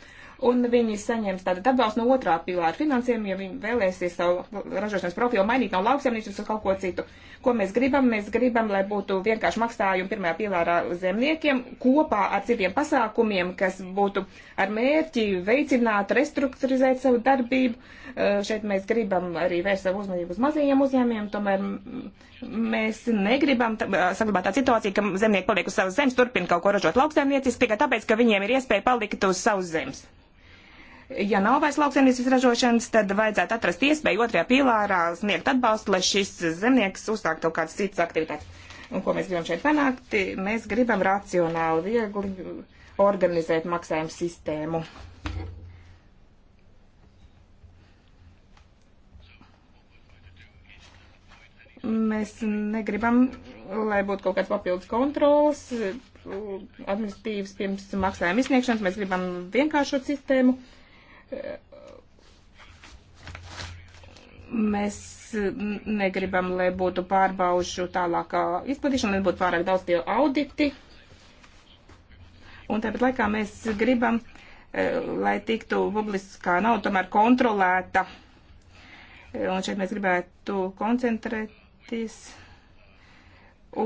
un viņi saņems tādu atbalstu no otrā pilāra finansējumu, ja viņi vēlēsies savu ražošanas profilu mainīt no lauksaimniecības uz kaut ko citu. Uh, Ko mēs gribam? Mēs gribam, lai būtu vienkārši maksājumi pirmajā pilārā zemniekiem kopā ar citiem pasākumiem, kas būtu ar mērķi veicināt, restruktūrizēt savu darbību. Eh, šeit mēs gribam arī vērst savu uzmanību uz mazajiem uzņēmiem, tomēr mēs negribam eh, saglabāt tādu situāciju, ka zemnieki paliek uz savas zemes, turpina kaut ko ražot lauksaimniecības tikai tāpēc, ka viņiem ir iespēja palikt uz savas zemes ja nav vairs lauksaimniecības ražošanas, tad vajadzētu atrast iespēju otrajā pīlārā sniegt atbalstu, lai šis zemnieks uzsāktu kaut kādas citas aktivitātes. Un ko mēs gribam šeit panākt? Mēs gribam racionāli, viegli organizēt maksājumu sistēmu. Mēs negribam, lai būtu kaut kāds papildus kontrols, administratīvas pirms maksājuma izsniegšanas. Mēs gribam vienkāršot sistēmu Mēs negribam, lai būtu pārbaužu tālākā izplatīšana, lai būtu pārāk daudz tie auditi. Un tāpat laikā mēs gribam, eh, lai tiktu publiskā nauda tomēr kontrolēta. Eh, un šeit mēs gribētu koncentrēties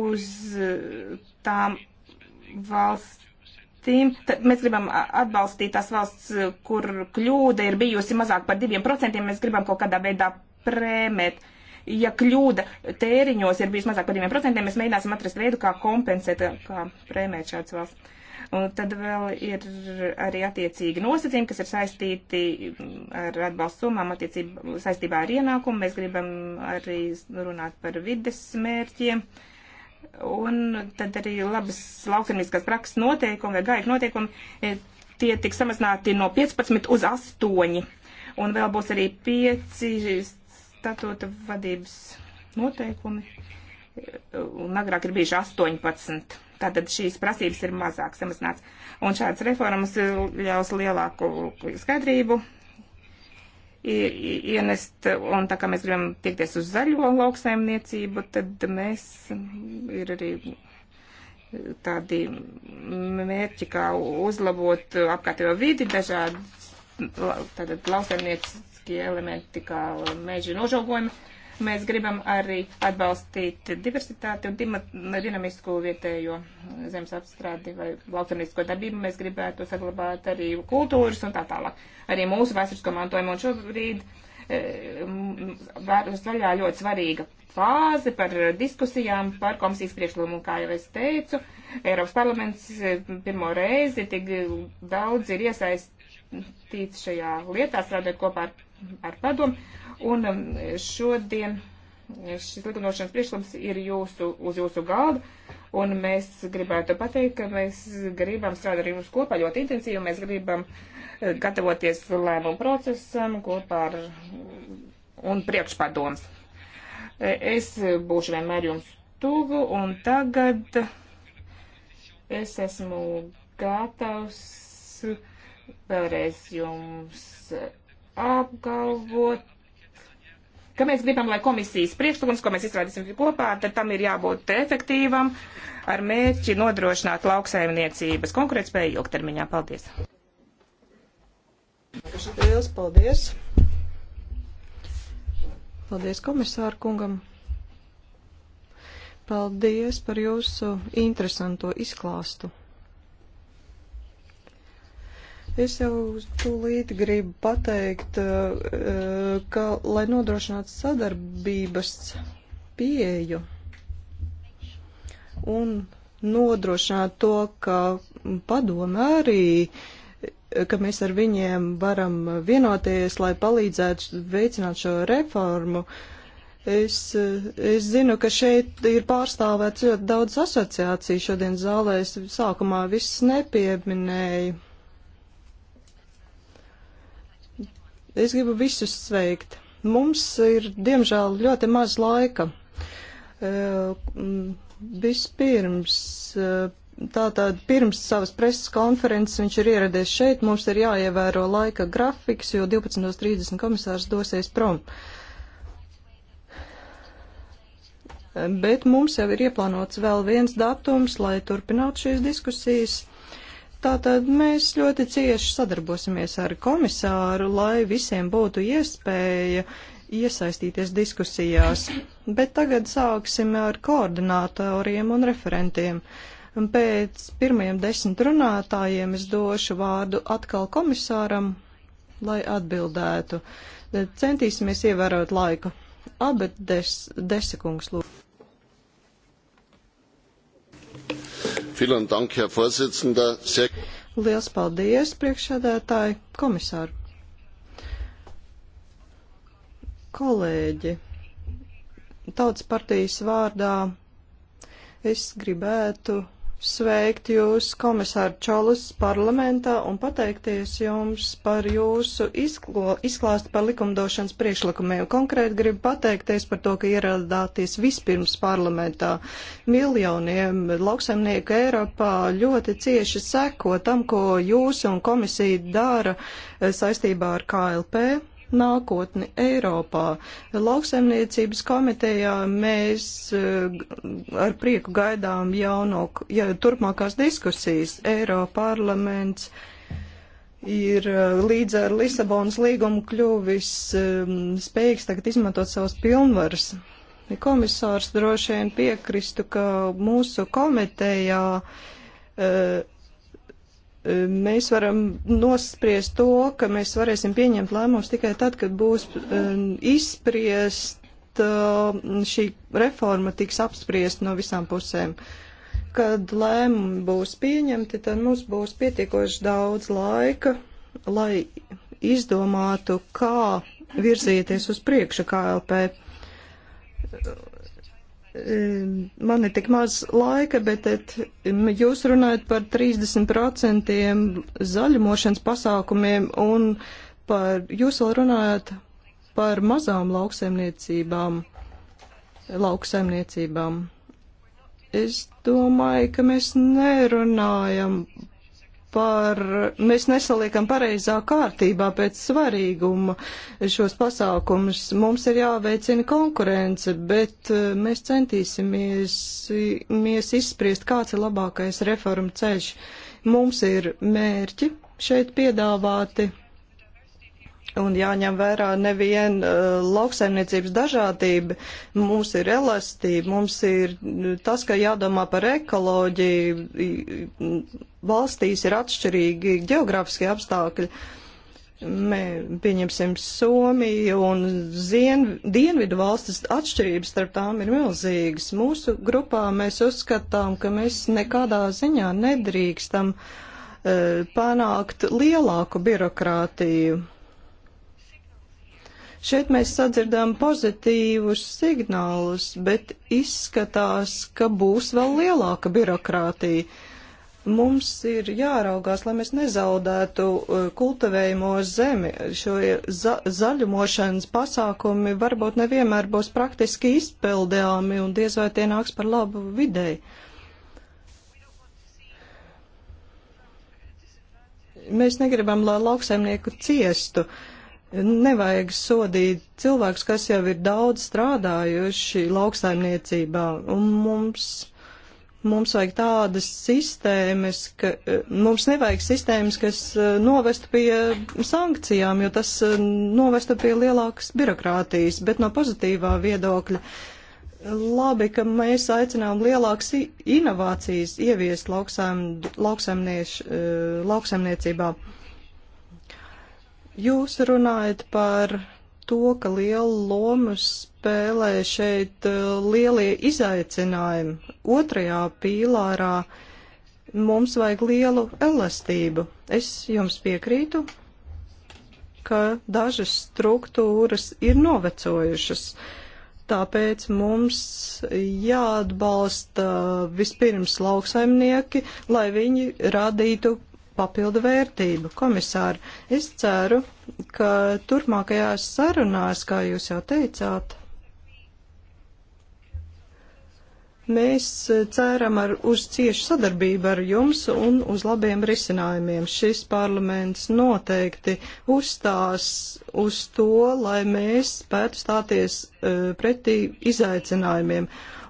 uz eh, tām valsts valstīm, mēs gribam atbalstīt tās valsts, kur kļūda ir bijusi mazāk par 2%, mēs gribam kaut kādā veidā prēmēt. Ja kļūda tēriņos ir bijusi mazāk par 2%, mēs mēģināsim atrast veidu, kā kompensēt, kā prēmēt šādas valsts. Un tad vēl ir arī attiecīgi nosacījumi, kas ir saistīti ar atbalstu summām, saistībā ar ienākumu. Mēs gribam arī runāt par vides mērķiem. Uh, Un tad arī labas lauksaimnieciskās prakses noteikumi vai gaļas noteikumi, e, tie tiks samazināti no 15 uz 8. Un vēl būs arī 5 statūta vadības noteikumi. Un agrāk ir bijuši 18. Tātad šīs prasības ir mazāk samazināts. Un šādas reformas ļaus lielāku skaidrību ienest, un tā kā mēs gribam tiekties uz zaļo lauksaimniecību, tad mēs ir arī tādi mērķi, kā uzlabot apkārtējo vidi, dažādi tātad lauksaimnieciskie elementi, kā meži nožogojumi. Mēs gribam arī atbalstīt diversitāti un dinamisku vietējo zemes apstrādi vai lauksaimniecisko darbību. Mēs gribētu saglabāt arī kultūras un tā tālāk. Arī mūsu vēsturisko mantojumu un šobrīd e, vaļā ļoti svarīga fāze par diskusijām par komisijas priekšlikumu. Kā jau es teicu, Eiropas parlaments e, pirmo reizi tik daudz ir iesaistīts šajā lietā, strādājot kopā ar, ar padomu. Un um, šodien šis likumdošanas priekšlikums ir jūsu, uz jūsu galda, un mēs gribētu pateikt, ka mēs gribam strādāt ar jums kopā ļoti intensīvi, mēs gribam eh, gatavoties lēmumu procesam kopā ar un priekšpadoms. Eh, es būšu vienmēr jums tuvu, un tagad es esmu gatavs vēlreiz jums apgalvot ka mēs gribam, lai komisijas priekšlikums, ko mēs izstrādīsim kopā, tad tam ir jābūt efektīvam ar mērķi nodrošināt lauksaimniecības konkurētspēju ilgtermiņā. Paldies! Liels paldies! Paldies komisāru kungam! Paldies par jūsu interesanto izklāstu! Es jau tūlīt gribu pateikt, eh, ka, lai nodrošinātu sadarbības pieju un nodrošinātu to, ka padome arī, ka mēs ar viņiem varam vienoties, lai palīdzētu veicināt šo reformu, Es, es zinu, ka šeit ir pārstāvēts ļoti daudz asociāciju šodien zālē. Es sākumā viss nepieminēju. Es gribu visus sveikt. Mums ir, diemžēl, ļoti maz laika. Vispirms, tātad pirms savas preses konferences viņš ir ieradies šeit, mums ir jāievēro laika grafiks, jo 12.30 komisārs dosies prom. Bet mums jau ir ieplānots vēl viens datums, lai turpinātu šīs diskusijas. Tātad mēs ļoti cieši sadarbosimies ar komisāru, lai visiem būtu iespēja iesaistīties diskusijās, bet tagad sāksim ar koordinātoriem un referentiem. Pēc pirmajiem desmit runātājiem es došu vārdu atkal komisāram, lai atbildētu. Centīsimies ievērot laiku. Abet des, desikungs lūdzu. Dank, Herr Vorsitzender. Sehr... Liels paldies, priekšsēdētāji, komisāri. Kolēģi, Tautas partijas vārdā es gribētu sveikt jūs, komisāri Čolis, parlamentā un pateikties jums par jūsu izklo, izklāstu par likumdošanas priekšlikumiem. Konkrēti gribu pateikties par to, ka ieradāties vispirms parlamentā. Miljoniem lauksaimnieku Eiropā ļoti cieši seko tam, ko jūs un komisija dara saistībā ar KLP nākotni Eiropā. Lauksaimniecības komitejā mēs eh, ar prieku gaidām jauno, ja, turpmākās diskusijas. Eiroparlaments ir eh, līdz ar Lisabonas līgumu kļuvis eh, spējīgs tagad izmantot savas pilnvaras. Komisārs droši vien piekristu, ka mūsu komitejā uh, mēs varam nospriest to, ka mēs varēsim pieņemt lēmumus tikai tad, kad būs um, izspriest um, šī reforma tiks apspriest no visām pusēm. Kad lēmumi būs pieņemti, tad mums būs pietiekoši daudz laika, lai izdomātu, kā virzīties uz priekšu KLP man ir tik maz laika, bet et, jūs runājat par 30% zaļumošanas pasākumiem un par, jūs vēl runājat par mazām lauksaimniecībām, lauksaimniecībām. Es domāju, ka mēs nerunājam par, mēs nesaliekam pareizā kārtībā pēc svarīguma šos pasākumus. Mums ir jāveicina konkurence, bet eh, mēs centīsimies mēs izspriest, kāds ir labākais reformu ceļš. Mums ir mērķi šeit piedāvāti Un jāņem vērā nevien uh, lauksaimniecības dažādība, mums ir elastība, mums ir uh, tas, ka jādomā par ekoloģiju, valstīs ir atšķirīgi geogrāfiskie apstākļi. Mē, pieņemsim, Somiju un zien, Dienvidu valstis atšķirības starp tām ir milzīgas. Mūsu grupā mēs uzskatām, ka mēs nekādā ziņā nedrīkstam uh, panākt lielāku birokrātiju Šeit mēs sadzirdām pozitīvus signālus, bet izskatās, ka būs vēl lielāka birokrātija. Mums ir jāraugās, lai mēs nezaudētu uh, kultivējamo zemi. Šo za zaļumošanas pasākumi varbūt nevienmēr būs praktiski izpildāmi un diez vai tie nāks par labu videi. Mēs negribam, lai lauksaimnieku ciestu. Uh, Nevajag sodīt cilvēkus, kas jau ir daudz strādājuši lauksaimniecībā, un mums, mums vajag tādas sistēmas, ka mums nevajag sistēmas, kas eh, novestu pie sankcijām, jo tas eh, novestu pie lielākas birokrātijas, bet no pozitīvā viedokļa. Labi, ka mēs aicinām lielākas inovācijas ieviest lauksaim, eh, lauksaimniecībā. Jūs runājat par to, ka lielu lomu spēlē šeit uh, lielie izaicinājumi. Otrajā pīlārā mums vajag lielu elastību. Es jums piekrītu, ka dažas struktūras ir novecojušas. Tāpēc mums jāatbalsta uh, vispirms lauksaimnieki, lai viņi radītu papildu vērtību. Komisāri, es ceru, ka turpmākajās sarunās, kā jūs jau teicāt, mēs ceram ar, uz ciešu sadarbību ar jums un uz labiem risinājumiem. Šis parlaments noteikti uzstās uz to, lai mēs spētu stāties uh, pretī izaicinājumiem.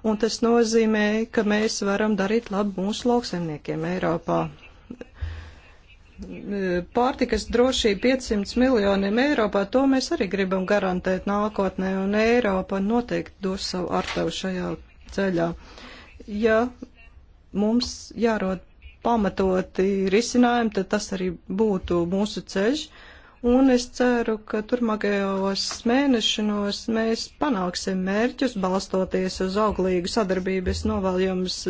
Un tas nozīmē, ka mēs varam darīt labu mūsu lauksaimniekiem Eiropā pārtikas drošību 500 miljoniem Eiropā, to mēs arī gribam garantēt nākotnē, un Eiropa noteikti dos savu artavu šajā ceļā. Ja mums jārod pamatoti risinājumi, tad tas arī būtu mūsu ceļš, un es ceru, ka turmākajos mēnešanos mēs panāksim mērķus, balstoties uz auglīgu sadarbības novēlījums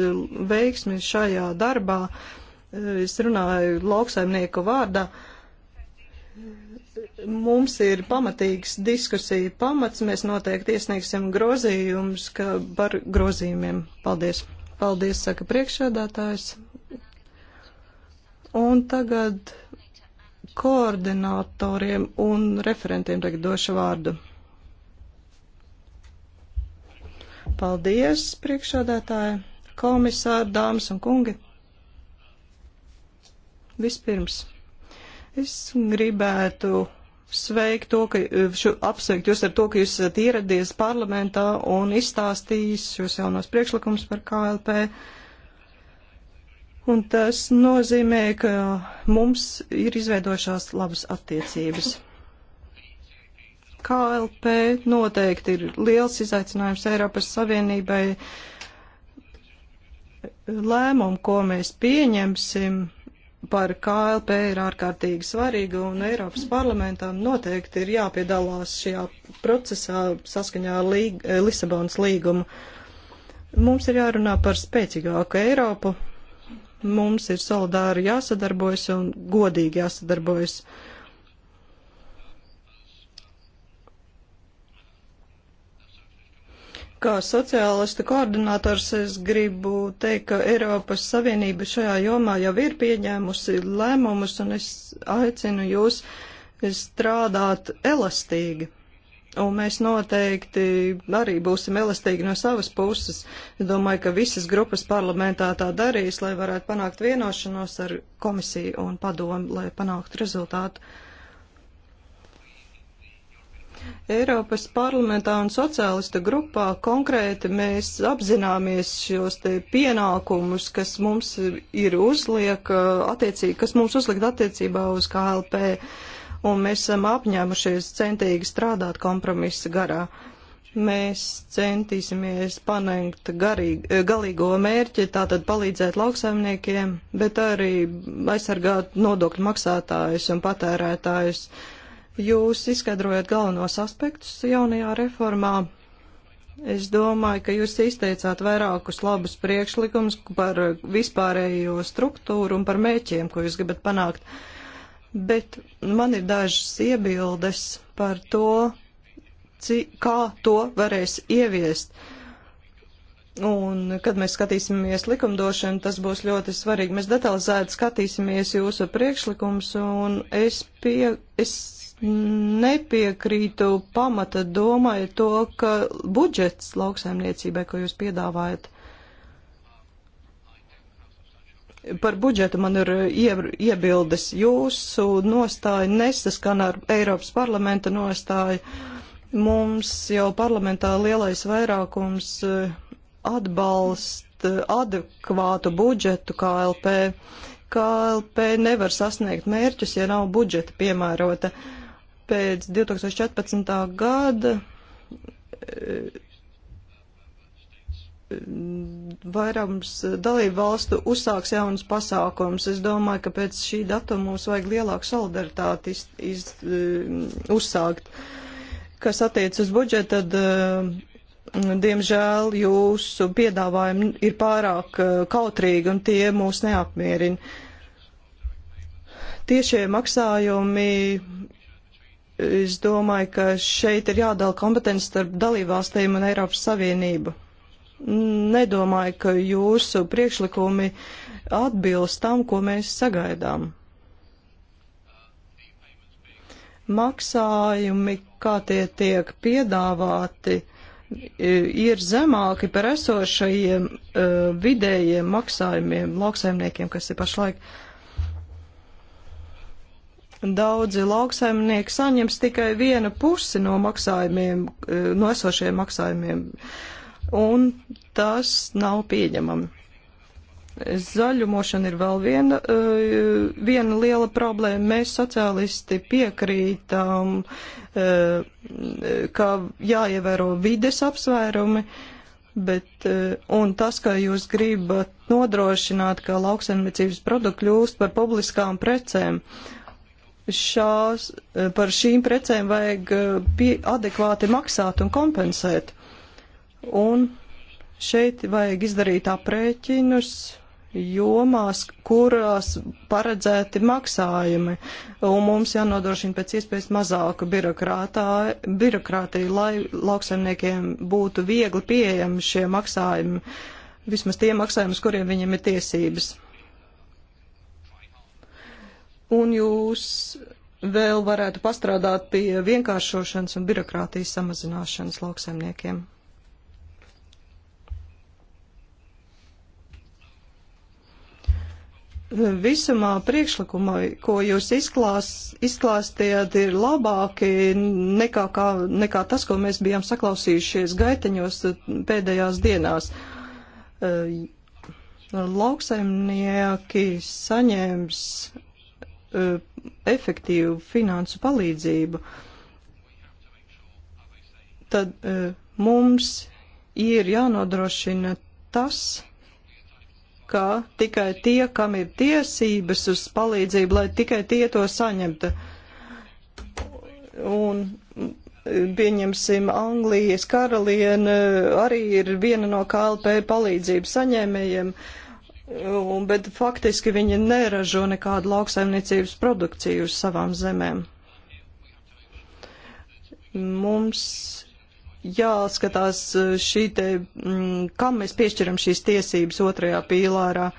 veiksmi šajā darbā es runāju lauksaimnieku vārdā. Mums ir pamatīgs diskusija pamats, mēs noteikti iesniegsim grozījumus par grozījumiem. Paldies. Paldies, saka priekšādātājs. Un tagad koordinatoriem un referentiem tagad došu vārdu. Paldies, priekšādātāji, komisāri, dāmas un kungi. Vispirms, es gribētu sveikt to, ka, šo, apsveikt jūs ar to, ka jūs esat ieradies parlamentā un izstāstījis jūs jaunos priekšlikums par KLP. Un tas nozīmē, ka mums ir izveidošās labas attiecības. KLP noteikti ir liels izaicinājums Eiropas Savienībai. Lēmumu, ko mēs pieņemsim, par KLP ir ārkārtīgi svarīga un Eiropas parlamentam noteikti ir jāpiedalās šajā procesā saskaņā ar līg eh, Lisabonas līgumu. Mums ir jārunā par spēcīgāku Eiropu, mums ir solidāri jāsadarbojas un godīgi jāsadarbojas. Uh, Kā sociālistu koordinators es gribu teikt, ka Eiropas Savienība šajā jomā jau ir pieņēmusi lēmumus, un es aicinu jūs strādāt elastīgi. Un mēs noteikti arī būsim elastīgi no savas puses. Es domāju, ka visas grupas parlamentā tā darīs, lai varētu panākt vienošanos ar komisiju un padomu, lai panāktu rezultātu. Eiropas parlamentā un sociālista grupā konkrēti mēs apzināmies šos te pienākumus, kas mums ir uzliek, attiecīgi, kas mums uzlikt attiecībā uz KLP, un mēs esam apņēmušies centīgi strādāt kompromisa garā. Mēs centīsimies panākt garīgi, galīgo mērķi, tātad palīdzēt lauksaimniekiem, bet arī aizsargāt nodokļu maksātājus un patērētājus. Uh, Jūs izskaidrojat galvenos aspektus jaunajā reformā. Es domāju, ka jūs izteicāt vairākus labus priekšlikumus par vispārējo struktūru un par mēķiem, ko jūs gribat panākt. Bet man ir dažas iebildes par to, kā to varēs ieviest. Un, kad mēs skatīsimies likumdošanu, tas būs ļoti svarīgi. Mēs detalizēti skatīsimies jūsu priekšlikumus, un es, pie, es nepiekrītu pamata domai to, ka budžets lauksaimniecībai, ko jūs piedāvājat, par budžetu man ir iebildes. Jūsu nostāja nesaskana ar Eiropas parlamenta nostāju. Mums jau parlamentā lielais vairākums eh, atbalsta eh, adekvātu budžetu KLP. KLP nevar sasniegt mērķus, ja nav budžeta piemērota. Uh, pēc 2014. gada vairums dalību valstu uzsāks jaunas pasākums. Es domāju, ka pēc šī datuma mums vajag lielāku solidaritāti iz, iz, eh, uzsākt. Kas attiec uz budžetu, tad, eh, diemžēl, jūsu piedāvājumi ir pārāk eh, kautrīgi un tie mūs neapmierina tiešie maksājumi Es domāju, ka šeit ir jādala kompetence starp dalībvalstīm un Eiropas Savienību. Nedomāju, ka jūsu priekšlikumi atbilst tam, ko mēs sagaidām. Maksājumi, kā tie tiek piedāvāti, ir zemāki par esošajiem uh, vidējiem maksājumiem lauksaimniekiem, kas ir pašlaik uh, Daudzi lauksaimnieki saņems tikai vienu pusi no maksājumiem, e, no esošajiem maksājumiem, un tas nav pieņemami. Zaļumošana ir vēl viena, e, viena liela problēma. Mēs sociālisti piekrītam, e, ka jāievēro vides apsvērumi, bet, un tas, ka jūs gribat nodrošināt, ka lauksaimniecības produkti kļūst par publiskām precēm. Uh, šās, eh, par šīm precēm vajag eh, pie, adekvāti maksāt un kompensēt. Un šeit vajag izdarīt aprēķinus jomās, kurās paredzēti maksājumi, un mums jānodrošina pēc iespējas mazāka birokrātija, lai lauksaimniekiem būtu viegli pieejami šie maksājumi, vismaz tie maksājumi, uz kuriem viņiem ir tiesības un jūs vēl varētu pastrādāt pie vienkāršošanas un birokrātijas samazināšanas lauksaimniekiem. Visumā priekšlikumā, ko jūs izklās, izklāstījāt, ir labāki nekā, kā, nekā tas, ko mēs bijām saklausījušies gaiteņos pēdējās dienās. Lauksaimnieki saņems E, efektīvu finansu palīdzību, tad e, mums ir jānodrošina tas, ka tikai tie, kam ir tiesības uz palīdzību, lai tikai tie to saņemtu. Un pieņemsim, Anglijas karaliene arī ir viena no KLP palīdzības saņēmējiem. Uh, un, bet faktiski viņi neražo nekādu lauksaimniecības produkciju uz savām zemēm. Mums jāskatās e, šī te, mm, kam mēs piešķiram šīs tiesības otrajā pīlārā.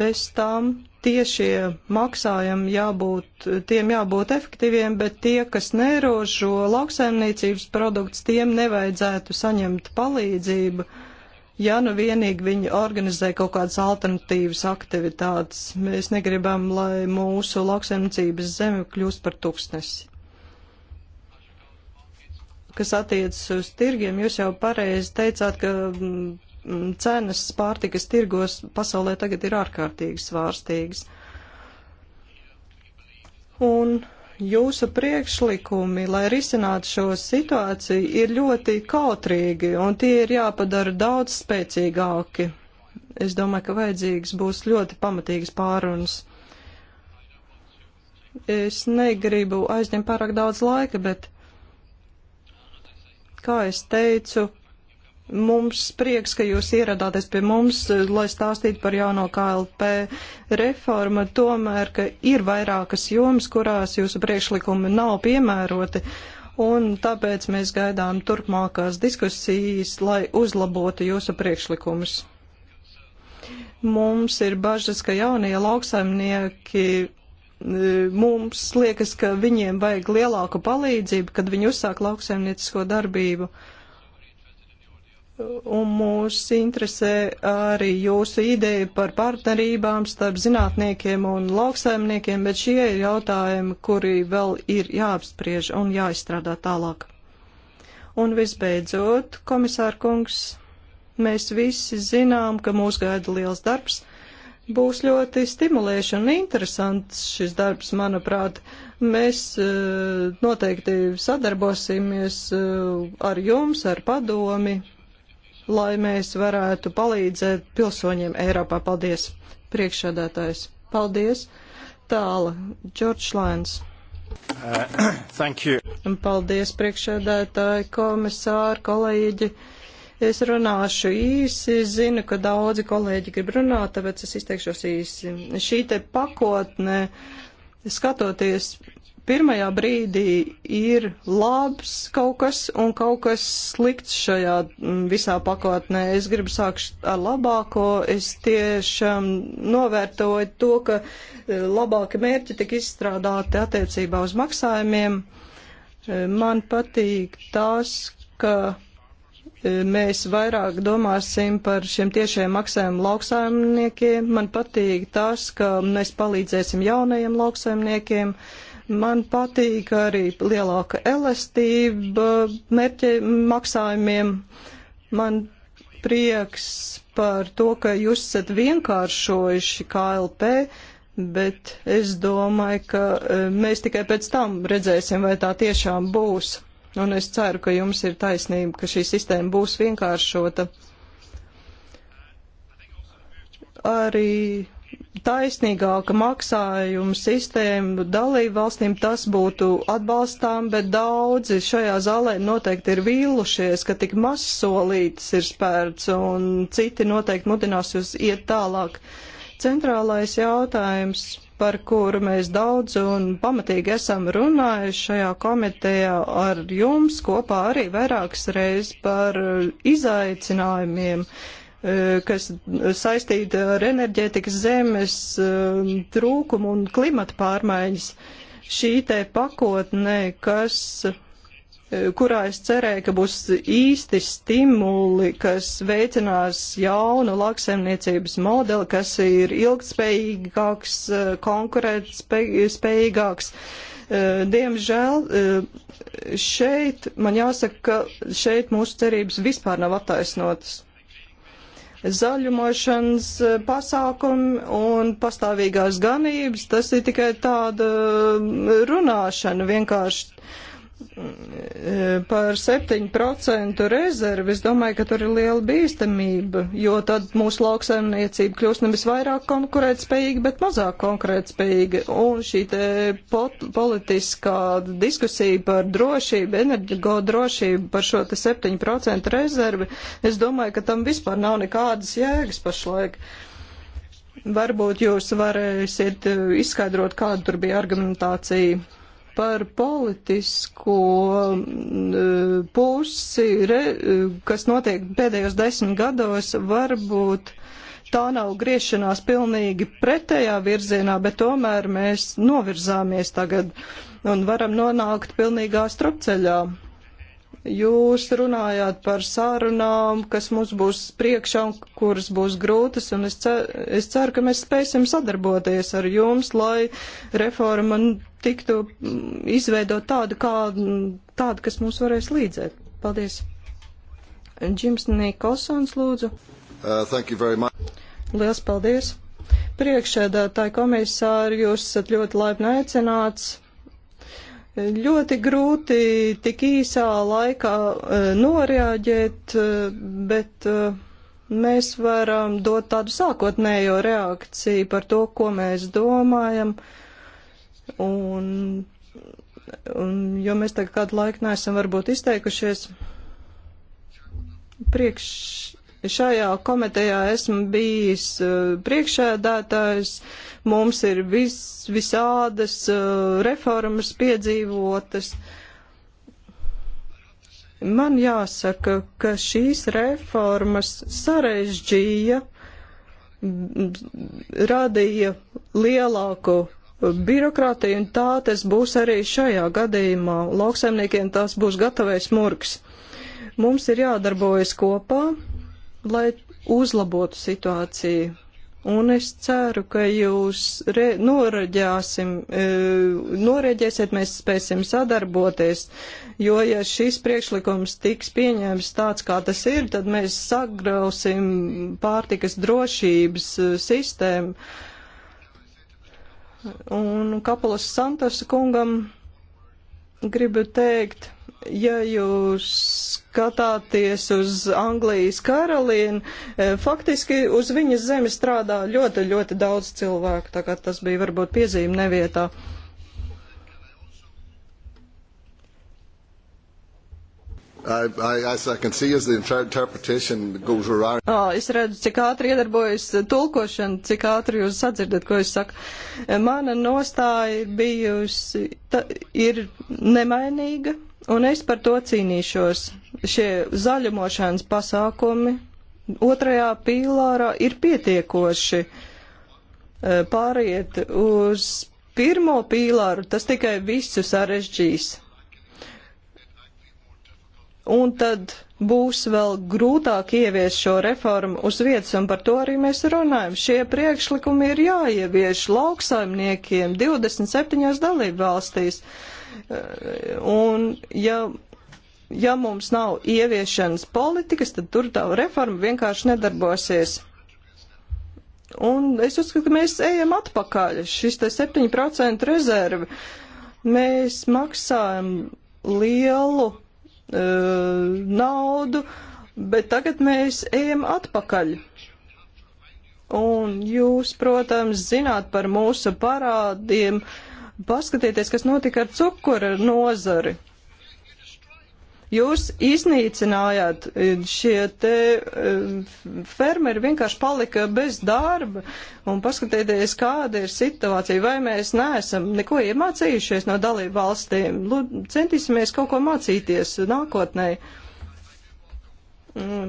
Bez tām tiešie maksājumi jābūt, tiem jābūt efektīviem, bet tie, kas nerožo lauksaimniecības produkts, tiem nevajadzētu saņemt palīdzību. Uh, Ja nu vienīgi viņi organizē kaut kādas alternatīvas aktivitātes, mēs negribam, lai mūsu lauksaimniecības zeme kļūst par tūkstnesi. Kas attiecas uz tirgiem, jūs jau pareizi teicāt, ka mm, cenas pārtikas tirgos pasaulē tagad ir ārkārtīgi svārstīgas. Un jūsu priekšlikumi, lai risinātu šo situāciju, ir ļoti kautrīgi un tie ir jāpadara daudz spēcīgāki. Es domāju, ka vajadzīgs būs ļoti pamatīgas pārunas. Es negribu aizņemt pārāk daudz laika, bet, kā es teicu, Mums prieks, ka jūs ieradāties pie mums, lai stāstītu par jauno KLP reformu, tomēr, ka ir vairākas jomas, kurās jūsu priekšlikumi nav piemēroti, un tāpēc mēs gaidām turpmākās diskusijas, lai uzlabotu jūsu priekšlikumus. Mums ir bažas, ka jaunie lauksaimnieki mums liekas, ka viņiem vajag lielāku palīdzību, kad viņi uzsāk lauksaimniecisko darbību. Un mūs interesē arī jūsu ideja par partnerībām starp zinātniekiem un lauksaimniekiem, bet šie ir jautājumi, kuri vēl ir jāapspriež un jāizstrādā tālāk. Un visbeidzot, komisār kungs, mēs visi zinām, ka mūs gaida liels darbs. Būs ļoti stimulēši un interesants šis darbs, manuprāt. Mēs eh, noteikti sadarbosimies eh, ar jums, ar padomi, lai mēs varētu palīdzēt pilsoņiem Eiropā. Paldies, priekšsēdētājs. Paldies. Tāla, Džordžs Lains. Uh, <clears throat> paldies, priekšsēdētāji, komisāri, kolēģi. Es runāšu īsi, zinu, ka daudzi kolēģi grib runāt, tāpēc es izteikšos īsi. Šī te pakotne, skatoties pirmajā brīdī ir labs kaut kas un kaut kas slikts šajā mm, visā pakotnē. Es gribu sākt ar labāko. Es tiešām novērtoju to, ka e, labāki mērķi tika izstrādāti attiecībā uz maksājumiem. E, man patīk tās, ka e, mēs vairāk domāsim par šiem tiešiem maksājumu lauksaimniekiem. Man patīk tas, ka mēs palīdzēsim jaunajiem lauksaimniekiem. Uh, Man patīk arī lielāka elastība mērķe maksājumiem. Man prieks par to, ka jūs esat vienkāršojuši KLP, bet es domāju, ka e, mēs tikai pēc tam redzēsim, vai tā tiešām būs. Un es ceru, ka jums ir taisnība, ka šī sistēma būs vienkāršota. Arī taisnīgāka maksājuma sistēma dalību valstīm tas būtu atbalstām, bet daudzi šajā zālē noteikti ir vīlušies, ka tik maz solītas ir spērts un citi noteikti mudinās jūs iet tālāk. Centrālais jautājums, par kuru mēs daudz un pamatīgi esam runājuši šajā komitejā ar jums kopā arī vairākas reizes par izaicinājumiem E, kas saistīta ar enerģētikas zemes e, trūkumu un klimata pārmaiņas. Šī te pakotne, kas e, kurā es cerēju, ka būs īsti stimuli, kas veicinās jaunu lauksaimniecības modeli, kas ir ilgtspējīgāks, konkurētspējīgāks. Diemžēl šeit, man jāsaka, ka šeit mūsu cerības vispār nav attaisnotas zaļumošanas e, pasākumi un pastāvīgās ganības, tas ir tikai tāda runāšana vienkārši par 7% rezervi, es domāju, ka tur ir liela bīstamība, jo tad mūsu lauksaimniecība kļūst nevis vairāk konkurētspējīga, bet mazāk konkurētspējīga. Un šī te pot, politiskā diskusija par drošību, enerģisko drošību, par šo te 7% rezervi, es domāju, ka tam vispār nav nekādas jēgas pašlaik. Varbūt jūs varēsiet eh, izskaidrot, kāda tur bija argumentācija par politisko mm, eh, pusi, eh, kas notiek pēdējos desmit gados, varbūt tā nav griešanās pilnīgi pretējā virzienā, bet tomēr mēs novirzāmies tagad un varam nonākt pilnīgā strupceļā. Jūs runājāt par sārunām, kas mums būs priekšā un kuras būs grūtas, un es ceru, es ceru, ka mēs spēsim sadarboties ar jums, lai reforma tiktu mm, izveidot tādu, kā, mm, tādu kas mums varēs līdzēt. Paldies. Džims Nikolsons, lūdzu. Uh, thank you very much. Lielas paldies. Priekšēdētāji komisāri, jūs esat ļoti laipni aicināts Ļoti grūti tik īsā laikā e, noreaģēt, e, bet e, mēs varam dot tādu sākotnējo reakciju par to, ko mēs domājam. Un, un, jo mēs tagad kādu laiku neesam varbūt izteikušies, priekš šajā komitejā esmu bijis priekšēdētājs, uh, Mums ir vis, visādas uh, reformas piedzīvotas. Man jāsaka, ka šīs reformas sarežģīja, radīja lielāku birokrātiju, un tā tas būs arī šajā gadījumā. Lauksaimniekiem tas būs gatavais murgs. Mums ir jādarbojas kopā, lai uzlabotu situāciju. Un es ceru, ka jūs re, noreģēsim, e, noreģēsiet, mēs spēsim sadarboties, jo ja šis priekšlikums tiks pieņēmis tāds, kā tas ir, tad mēs sagrausim pārtikas drošības e, sistēmu. Un Kapalas Santosa kungam gribu teikt, ja jūs skatāties uz Anglijas karalieni, eh, faktiski uz viņas zemi strādā ļoti, ļoti daudz cilvēku, tā kā tas bija varbūt piezīme nevietā. I, I, as I can see, as the interpretation goes around. Oh, es redzu, cik ātri iedarbojas tulkošana, cik ātri jūs sadzirdat, ko es saku. Eh, mana nostāja bijusi, ta, ir nemainīga. Un es par to cīnīšos. Šie zaļumošanas pasākumi otrajā pīlārā ir pietiekoši. E, pāriet uz pirmo pīlāru, tas tikai visu sarežģīs. Un tad būs vēl grūtāk ievies šo reformu uz vietas, un par to arī mēs runājam. Šie priekšlikumi ir jāievieš lauksaimniekiem 27 dalību valstīs. Uh, Un ja, ja mums nav ieviešanas politikas, tad tur tā reforma vienkārši nedarbosies. Un es uzskatu, ka mēs ejam atpakaļ. Šis te 7% rezerve. Mēs maksājam lielu uh, naudu, bet tagad mēs ejam atpakaļ. Un jūs, protams, zināt par mūsu parādiem. Uh, Paskatieties, kas notika ar cukura nozari. Jūs iznīcinājāt e, šie te e, fermeri, vienkārši palika bez darba un paskatieties, kāda ir situācija. Vai mēs neesam neko iemācījušies no dalību valstīm? Lūd, centīsimies kaut ko mācīties nākotnē. Uh,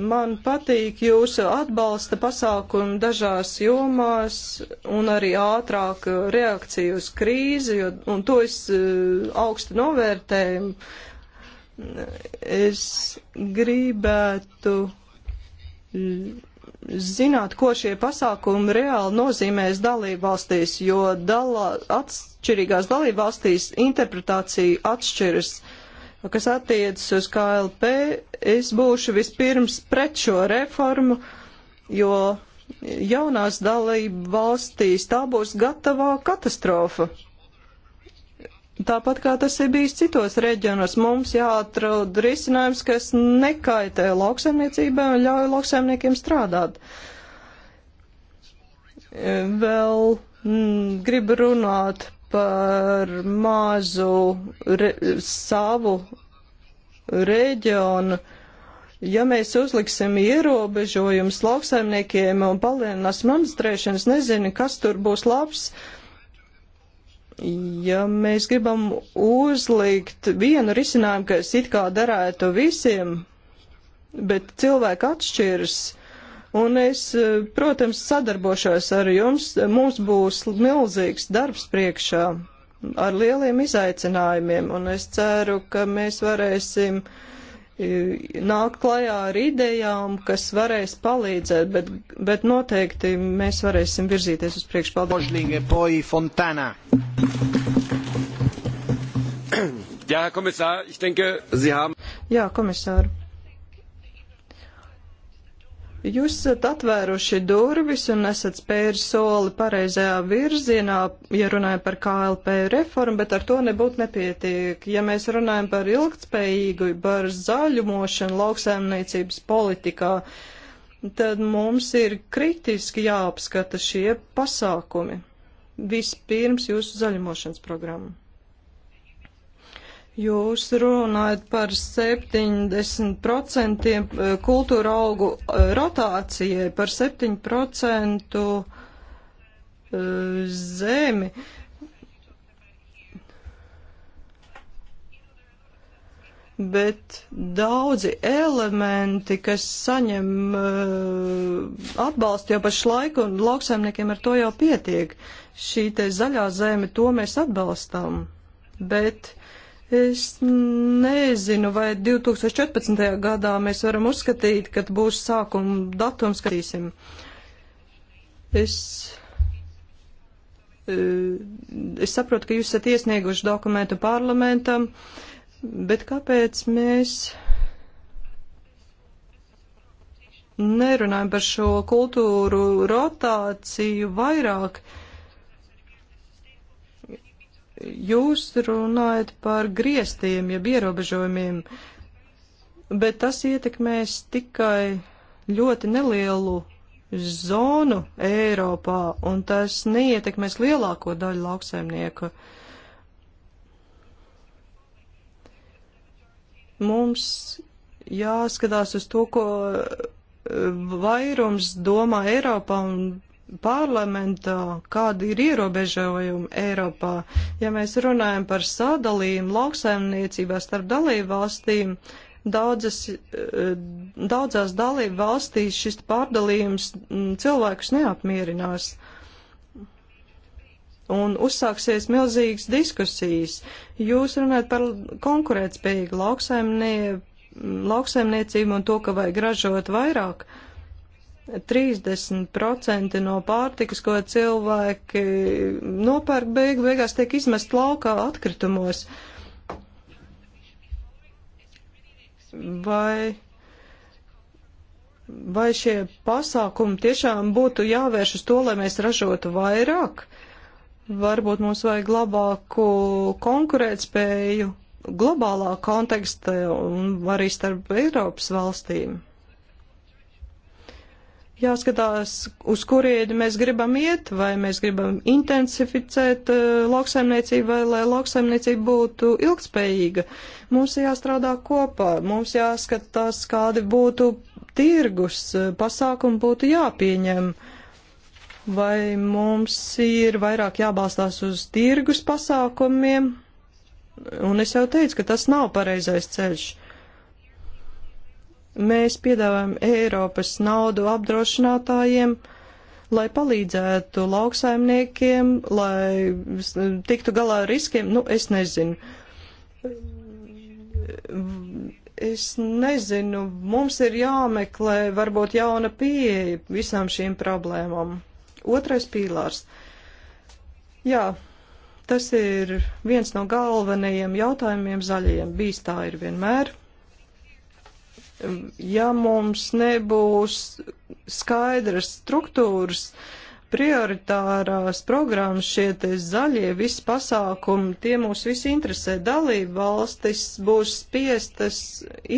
Man patīk jūsu atbalsta pasākumi dažās jomās un arī ātrāk reakcija uz krīzi, jo, un to es e, augstu novērtēju. Es gribētu zināt, ko šie pasākumi reāli nozīmēs dalībvalstīs, jo dalā, atšķirīgās dalībvalstīs interpretācija atšķiras. Uh, kas attiecas uz KLP, es būšu vispirms pret šo reformu, jo jaunās dalība valstīs tā būs gatavā katastrofa. Tāpat kā tas ir bijis citos reģionos, mums jāatrod risinājums, kas nekaitē lauksaimniecībai un ļauj lauksaimniekiem strādāt. Vēl mm, gribu runāt par mazu re, savu reģionu. Ja mēs uzliksim ierobežojumus lauksaimniekiem un palielināsim administrēšanas, nezinu, kas tur būs labs. Ja mēs gribam uzlikt vienu risinājumu, kas it kā derētu visiem, bet cilvēki atšķiras, uh, Un es, eh, protams, sadarbošos ar jums. Mums būs milzīgs darbs priekšā ar lieliem izaicinājumiem, un es ceru, ka mēs varēsim eh, nākt klajā ar idejām, kas varēs palīdzēt, bet, bet noteikti mēs varēsim virzīties uz priekšu. Paldies! Jā, komisār, haben... Jā, komisār. Jūs esat atvēruši durvis un esat spēri soli pareizajā virzienā, ja runājam par KLP reformu, bet ar to nebūtu nepietiek. Ja mēs runājam par ilgtspējīgu, par zaļumošanu lauksaimniecības politikā, tad mums ir kritiski jāapskata šie pasākumi. Vispirms jūsu zaļumošanas programma. Jūs runājat par 70% eh, kultūra augu eh, rotācijai, par 7% eh, zemi. Bet daudzi elementi, kas saņem atbalstu jau pašlaik, un lauksaimniekiem ar to jau pietiek. Šī te zaļā zeme, to mēs atbalstām. Bet Es nezinu, vai 2014. gadā mēs varam uzskatīt, kad būs sākuma datums, skatīsim. Es, eh, es saprotu, ka jūs esat iesnieguši dokumentu parlamentam, bet kāpēc mēs nerunājam par šo kultūru rotāciju vairāk? Uh, Jūs runājat par griestiem, jeb ierobežojumiem, bet tas ietekmēs tikai ļoti nelielu zonu Eiropā, un tas neietekmēs lielāko daļu lauksaimnieku. Mums jāskatās uz to, ko eh, vairums domā Eiropā un parlamentā, kādi ir ierobežojumi Eiropā. Ja mēs runājam par sadalījumu lauksaimniecībā starp dalību valstīm, daudzas, eh, daudzās dalību valstīs šis pārdalījums mm, cilvēkus neapmierinās. Un uzsāksies milzīgas diskusijas. Jūs runājat par konkurētspējīgu lauksaimnie, lauksaimniecību un to, ka vajag ražot vairāk. Uh, 30% no pārtikas, ko cilvēki nopērk, beig, beigās tiek izmest laukā atkritumos. Vai, vai šie pasākumi tiešām būtu jāvērš uz to, lai mēs ražotu vairāk? Varbūt mums vajag labāku konkurētspēju globālā kontekstā un arī starp Eiropas valstīm jāskatās, uz kurieni mēs gribam iet, vai mēs gribam intensificēt uh, lauksaimniecību, vai lai lauksaimniecība būtu ilgspējīga. Mums jāstrādā kopā, mums jāskatās, kādi būtu tirgus, eh, pasākumi būtu jāpieņem. Vai mums ir vairāk jābalstās uz tirgus pasākumiem? Un es jau teicu, ka tas nav pareizais ceļš. Uh, Mēs piedāvājam Eiropas naudu apdrošinātājiem, lai palīdzētu lauksaimniekiem, lai tiktu galā ar riskiem. Nu, es nezinu. Es nezinu, mums ir jāmeklē varbūt jauna pieeja visām šīm problēmām. Otrais pīlārs. Jā, tas ir viens no galvenajiem jautājumiem zaļajiem. Bijis tā ir vienmēr. Um, ja mums nebūs skaidras struktūras, prioritārās programmas, šie te zaļie visi pasākumi, tie mūs visi interesē. Dalība valstis būs spiestas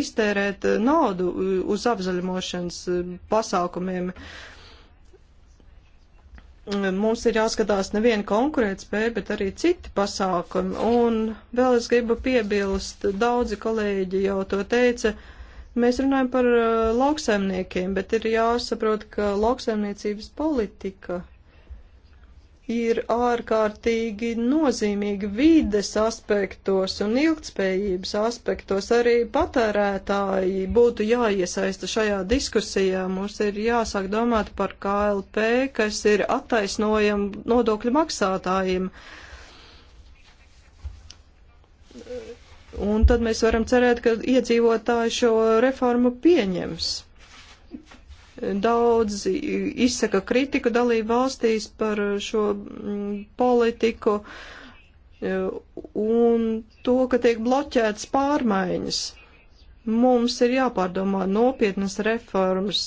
iztērēt naudu uz apzaļumošanas pasākumiem. Mums ir jāskatās nevien konkurētspēja, bet arī citi pasākumi. Un vēl es gribu piebilst, daudzi kolēģi jau to teica, uh, Mēs runājam par uh, lauksaimniekiem, bet ir jāsaprot, ka lauksaimniecības politika ir ārkārtīgi nozīmīga vides aspektos un ilgtspējības aspektos. Arī patērētāji būtu jāiesaista šajā diskusijā. Mums ir jāsāk domāt par KLP, kas ir attaisnojama nodokļu maksātājiem. Un tad mēs varam cerēt, ka iedzīvotāji šo reformu pieņems. Daudz izsaka kritiku dalību valstīs par šo mm, politiku e, un to, ka tiek bloķētas pārmaiņas. Mums ir jāpārdomā nopietnas reformas,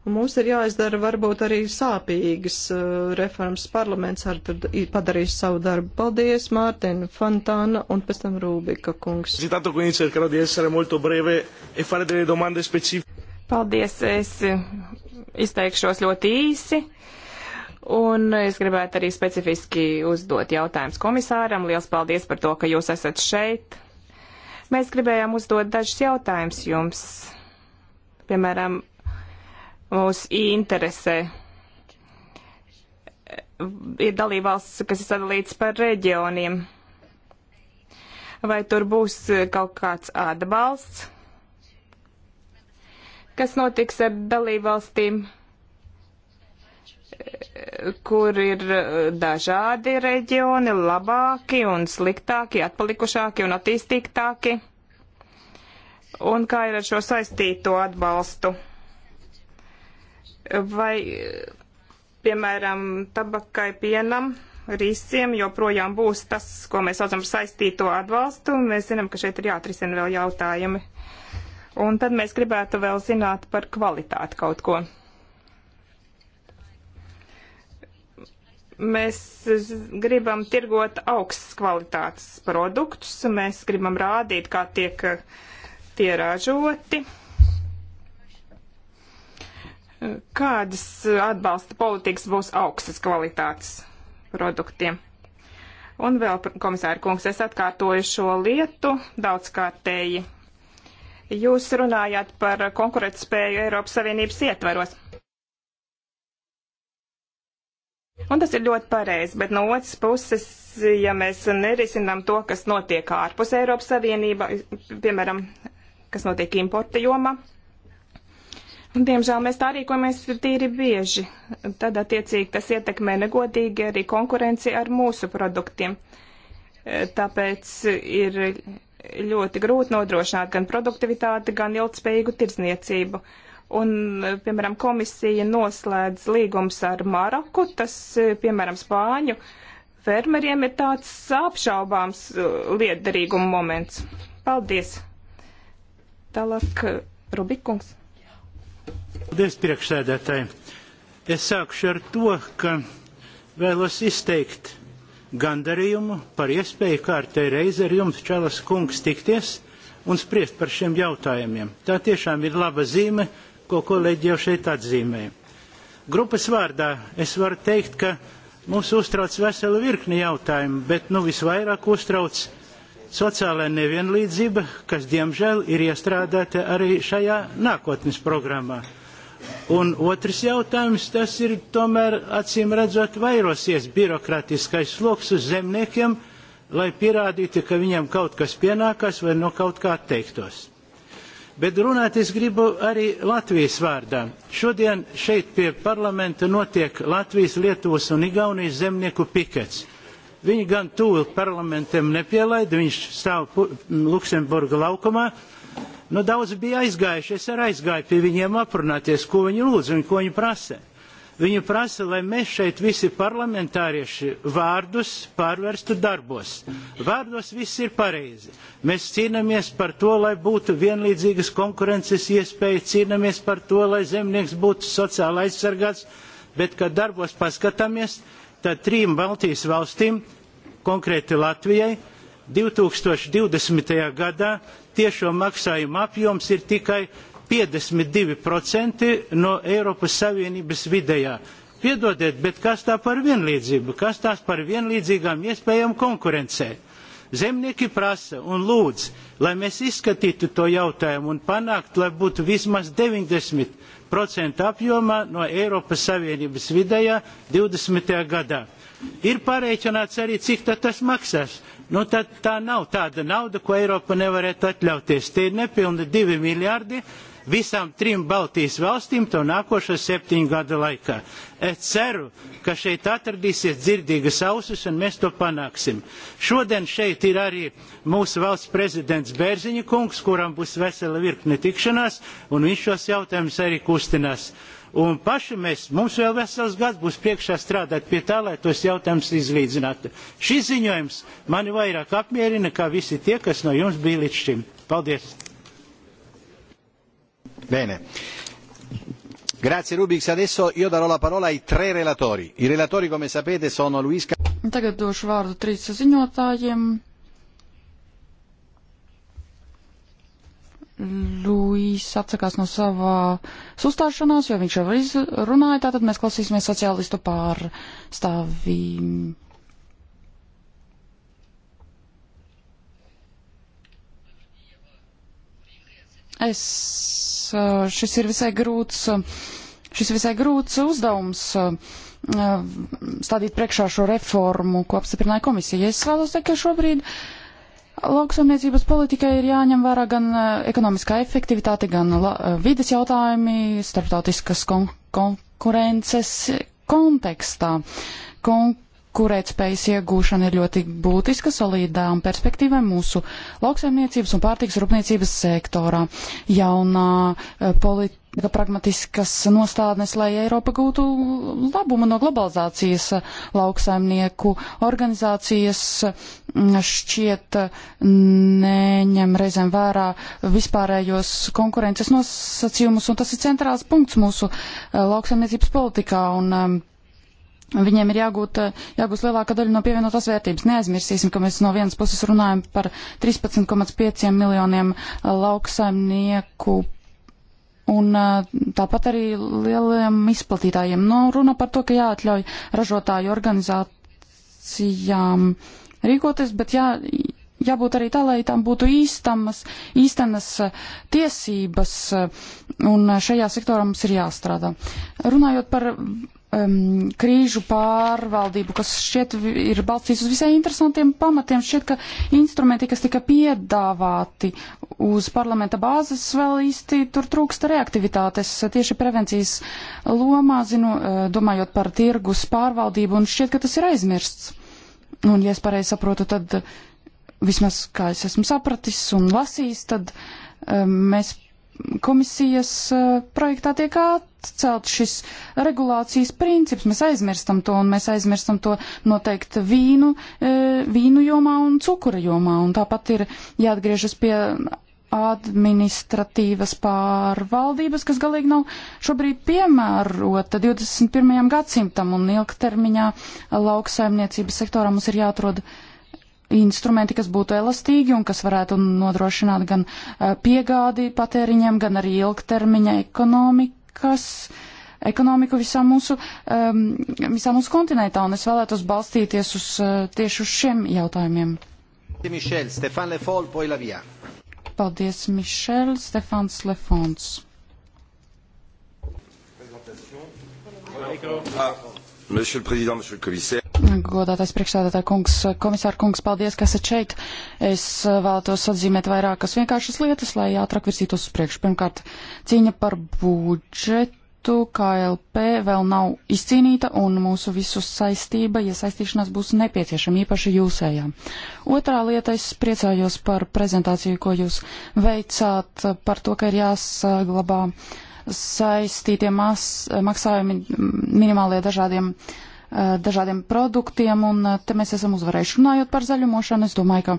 Un mums ir jāizdara varbūt arī sāpīgas uh, reformas. Parlaments arī padarīs savu darbu. Paldies, Mārtiņa Fantāna un pēc tam Rūbika kungs. E paldies, es eh, izteikšos ļoti īsi. Un es gribētu arī specifiski uzdot jautājumus komisāram. Liels paldies par to, ka jūs esat šeit. Mēs gribējām uzdot dažus jautājumus jums. Piemēram, mūs interesē. Ir dalībvalsts, kas ir sadalīts par reģioniem. Vai tur būs kaut kāds atbalsts? Kas notiks ar dalībvalstīm, kur ir dažādi reģioni, labāki un sliktāki, atpalikušāki un attīstītāki? Un kā ir ar šo saistīto atbalstu? vai, piemēram, tabakai pienam, risiem joprojām būs tas, ko mēs saucam par saistīto atbalstu. Mēs zinām, ka šeit ir jāatrisina vēl jautājumi. Un tad mēs gribētu vēl zināt par kvalitāti kaut ko. Mēs gribam tirgot augstas kvalitātes produktus, mēs gribam rādīt, kā tiek tie ražoti Kādas eh, atbalsta politikas būs augstas kvalitātes produktiem? Un vēl, komisāra kungs, es atkārtoju šo lietu daudzkārtēji. Jūs runājāt par konkurētspēju Eiropas Savienības ietvaros. Un tas ir ļoti pareizi, bet no otras puses, ja mēs nerisinām to, kas notiek ārpus Eiropas Savienība, piemēram, kas notiek importa jomā, Diemžēl mēs tā rīkojamies tīri bieži. Tad, attiecīgi, tas ietekmē negodīgi arī konkurenci ar mūsu produktiem. E, tāpēc ir ļoti grūti nodrošināt gan produktivitāti, gan ilgspējīgu tirdzniecību. Un, piemēram, komisija noslēdz līgums ar Maroku, tas, e, piemēram, Spāņu fermeriem ir tāds apšaubāms e, lietderīguma moments. Paldies! Tālāk Rubikungs. Paldies, priekšsēdētāji. Es sākušu ar to, ka vēlos izteikt gandarījumu par iespēju kārtai reizi ar jums, Čalas kungs, tikties un spriest par šiem jautājumiem. Tā tiešām ir laba zīme, ko kolēģi jau šeit atzīmēja. Grupas vārdā es varu teikt, ka mūs uztrauc vesela virkni jautājumu, bet nu visvairāk uztrauc sociālā nevienlīdzība, kas diemžēl ir iestrādāta arī šajā nākotnes programmā. Un otrs jautājums, tas ir tomēr acīm redzot vairosies birokratiskais sloks uz zemniekiem, lai pierādītu, ka viņam kaut kas pienākas vai no kaut kā atteiktos. Bet runāt es gribu arī Latvijas vārdā. Šodien šeit pie parlamenta notiek Latvijas, Lietuvas un Igaunijas zemnieku pikets. Viņi gan tūli parlamentam nepielaida, viņš stāv Luksemburga laukumā, Nu, daudz bija aizgājuši, es arī aizgāju pie viņiem aprunāties, ko viņi lūdz un ko viņi prasa. Viņi prasa, lai mēs šeit visi parlamentārieši vārdus pārvērstu darbos. Vārdos viss ir pareizi. Mēs cīnāmies par to, lai būtu vienlīdzīgas konkurences iespējas, cīnāmies par to, lai zemnieks būtu sociāli aizsargāts, bet, kad darbos paskatāmies, tad trim Baltijas valstīm, konkrēti Latvijai, 2020. gadā tiešo maksājumu apjoms ir tikai 52% no Eiropas Savienības vidējā. Piedodiet, bet kas tā par vienlīdzību? Kas tās par vienlīdzīgām iespējām konkurencē? Zemnieki prasa un lūdz, lai mēs izskatītu to jautājumu un panāktu, lai būtu vismaz 90% apjomā no Eiropas Savienības vidējā 20. gadā. Ir pārreikināts arī, cik tas maksās. Nu, tad tā nav tāda nauda, ko Eiropa nevarētu atļauties. Tie ir nepilni divi miljārdi visām trim Baltijas valstīm to nākošo septiņu gadu laikā. Es ceru, ka šeit atradīsies dzirdīgas ausis un mēs to panāksim. Šodien šeit ir arī mūsu valsts prezidents Bērziņa kungs, kuram būs vesela virkne tikšanās, un viņš šos jautājumus arī kustinās. Un paši mēs, mums vēl vesels gads būs priekšā strādāt pie tā, lai tos jautājumus izlīdzinātu. Šis ziņojums mani vairāk apmierina, kā visi tie, kas no jums bija līdz šim. Paldies! Bene. Grazie Rubiks. Adesso io darò la parola ai tre relatori. I relatori, come sapete, sono Luis Tagad došu vārdu trīs ziņotājiem. Luis atsakās no savā sustāšanās, jo viņš jau izrunāja, tātad mēs klausīsimies sociālistu pārstāvīm. Es, šis ir visai grūts, šis visai grūts uzdevums stādīt priekšā šo reformu, ko apstiprināja komisija. Es vēlos teikt, ka šobrīd uh, Lauksaimniecības politikai ir jāņem vērā gan eh, ekonomiskā efektivitāte, gan eh, la, eh, vides jautājumi starptautiskas kon konkurences kontekstā. Konkurētspējas iegūšana ir ļoti būtiska solidām perspektīvai mūsu lauksaimniecības un pārtiks rūpniecības sektorā. Jaunā polit pragmatiskas nostādnes, lai Eiropa gūtu labumu no globalizācijas lauksaimnieku organizācijas mm, šķiet neņem reizēm vērā vispārējos konkurences nosacījumus, un tas ir centrāls punkts mūsu eh, lauksaimniecības politikā. Un, mm, Viņiem ir jāgūt, jāgūst lielāka daļa no pievienotās vērtības. Neaizmirsīsim, ka mēs no vienas puses runājam par 13,5 miljoniem eh, lauksaimnieku un tāpat arī lieliem izplatītājiem. Nu, runa par to, ka jāatļauj ražotāju organizācijām rīkoties, bet jā, jābūt arī tā, lai tam būtu īstamas, īstenas tiesības, un šajā sektorā mums ir jāstrādā. Runājot par um, krīžu pārvaldību, kas šķiet ir balstīts uz visai interesantiem pamatiem. Šķiet, ka instrumenti, kas tika piedāvāti uz parlamenta bāzes, vēl īsti tur trūksta reaktivitātes tieši prevencijas lomā, zinu, uh, domājot par tirgus pārvaldību, un šķiet, ka tas ir aizmirsts. Un, ja es pareizi saprotu, tad uh, vismaz, kā es esmu sapratis un lasījis, tad um, mēs komisijas eh, projektā tiek atcelt šis regulācijas princips. Mēs aizmirstam to, un mēs aizmirstam to noteikti vīnu, eh, vīnu jomā un cukura jomā, un tāpat ir jāatgriežas pie administratīvas pārvaldības, kas galīgi nav šobrīd piemērota 21. gadsimtam un ilgtermiņā lauksaimniecības sektorā mums ir jāatrod uh, instrumenti, kas būtu elastīgi un kas varētu nodrošināt gan piegādi patēriņiem, gan arī ilgtermiņa ekonomikas, ekonomiku visā mūsu, visā mūsu kontinentā, un es vēlētos balstīties uz tieši uz šiem jautājumiem. Michel, Stefan Lefol, Paldies, Mišel, Stefans Lefons. Ah. Monsieur le Président, Monsieur le Commissaire. Godātais priekšstādātāja kungs, komisāra kungs, paldies, ka esat šeit. Es eh, vēlētos atzīmēt vairākas vienkāršas lietas, lai ātrāk virzītos uz priekšu. Pirmkārt, cīņa par budžetu KLP vēl nav izcīnīta un mūsu visu saistība, iesaistīšanās ja būs nepieciešama, īpaši jūsējā. Otrā lieta, es priecājos par prezentāciju, ko jūs veicāt, par to, ka ir jāsaglabā. Uh, saistītie mas, maksājumi minimālie dažādiem, eh, dažādiem produktiem, un eh, te mēs esam uzvarējuši. Runājot par zaļumošanu, es domāju, ka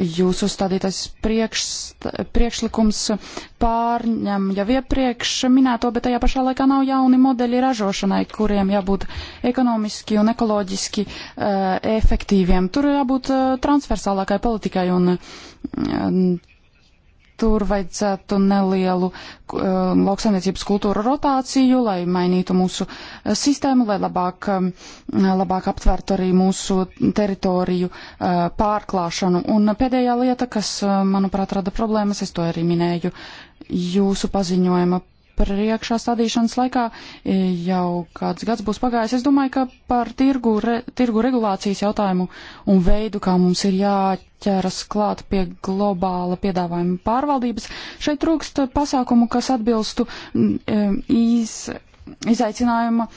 jūsu stādītais priekš, priekšlikums pārņem jau iepriekš minēto, bet tajā pašā laikā nav jauni modeļi ražošanai, kuriem jābūt ekonomiski un ekoloģiski uh, efektīviem. Tur jābūt uh, transversālākai politikai un. Uh, tur vajadzētu nelielu uh, lauksaimniecības kultūru rotāciju, lai mainītu mūsu uh, sistēmu, lai labāk, um, labāk aptvertu arī mūsu teritoriju uh, pārklāšanu. Un pēdējā lieta, kas, uh, manuprāt, rada problēmas, es to arī minēju jūsu paziņojuma priekšā stādīšanas laikā e, jau kāds gads būs pagājis. Es domāju, ka par tirgu, re, tirgu regulācijas jautājumu un veidu, kā mums ir jāķeras klāt pie globāla piedāvājuma pārvaldības, šeit trūkst pasākumu, kas atbilstu e, iz, izaicinājuma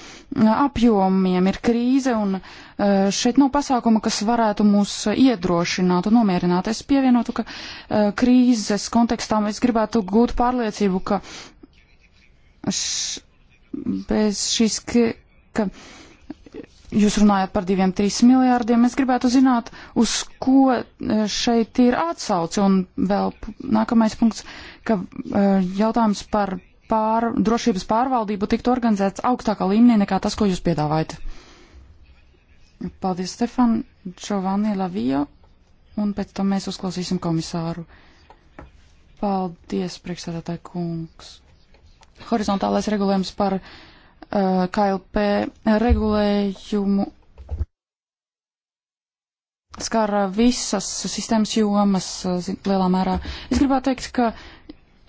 apjomiem. Ir krīze un e, šeit nav pasākuma, kas varētu mūs iedrošināt un nomierināt. Es pievienotu, ka krīzes kontekstā mēs gribētu gūt pārliecību, ka š, bez šīs, ka jūs runājat par diviem, trīs miljārdiem, es gribētu zināt, uz ko e, šeit ir atsauce. Un vēl nākamais punkts, ka e, jautājums par pār, drošības pārvaldību tiktu organizēts augstākā līmenī nekā tas, ko jūs piedāvājat. Paldies, Stefan, Giovanni Lavija, un pēc tam mēs uzklausīsim komisāru. Paldies, priekšsēdētāji kungs horizontālais regulējums par uh, KLP regulējumu skar uh, visas sistēmas jomas uh, lielā mērā. Es gribētu teikt, ka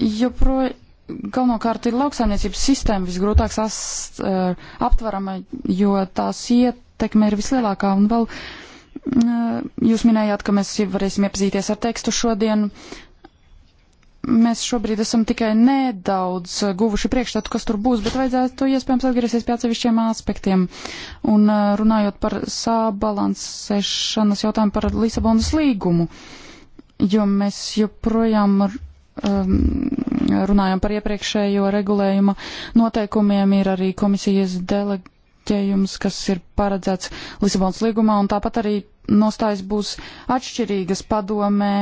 joprojām galvenokārt ir lauksaimniecības sistēma visgrūtāk sas, uh, aptverama, jo tās ietekme ir vislielākā. Un vēl mm, uh, jūs minējāt, ka mēs varēsim iepazīties ar tekstu šodien. Uh, Mēs šobrīd esam tikai nedaudz guvuši priekšstatu, kas tur būs, bet vajadzētu iespējams atgriezties pie atsevišķiem aspektiem. Un uh, runājot par sabalansēšanas jautājumu par Lisabonas līgumu, jo mēs joprojām um, runājam par iepriekšējo regulējuma noteikumiem, ir arī komisijas delegējums, kas ir paredzēts Lisabonas līgumā, un tāpat arī nostājas būs atšķirīgas padomē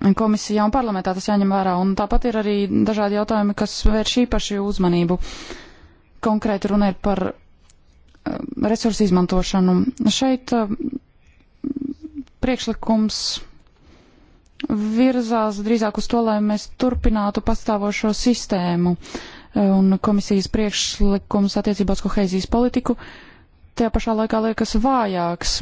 komisijā un parlamentā tas jāņem vērā. Un tāpat ir arī dažādi jautājumi, kas vērš īpaši uzmanību. Konkrēti runa ir par eh, resursu izmantošanu. Šeit eh, priekšlikums virzās drīzāk uz to, lai mēs turpinātu pastāvošo sistēmu eh, un komisijas priekšlikums attiecībās kohēzijas politiku. Tajā pašā laikā liekas vājāks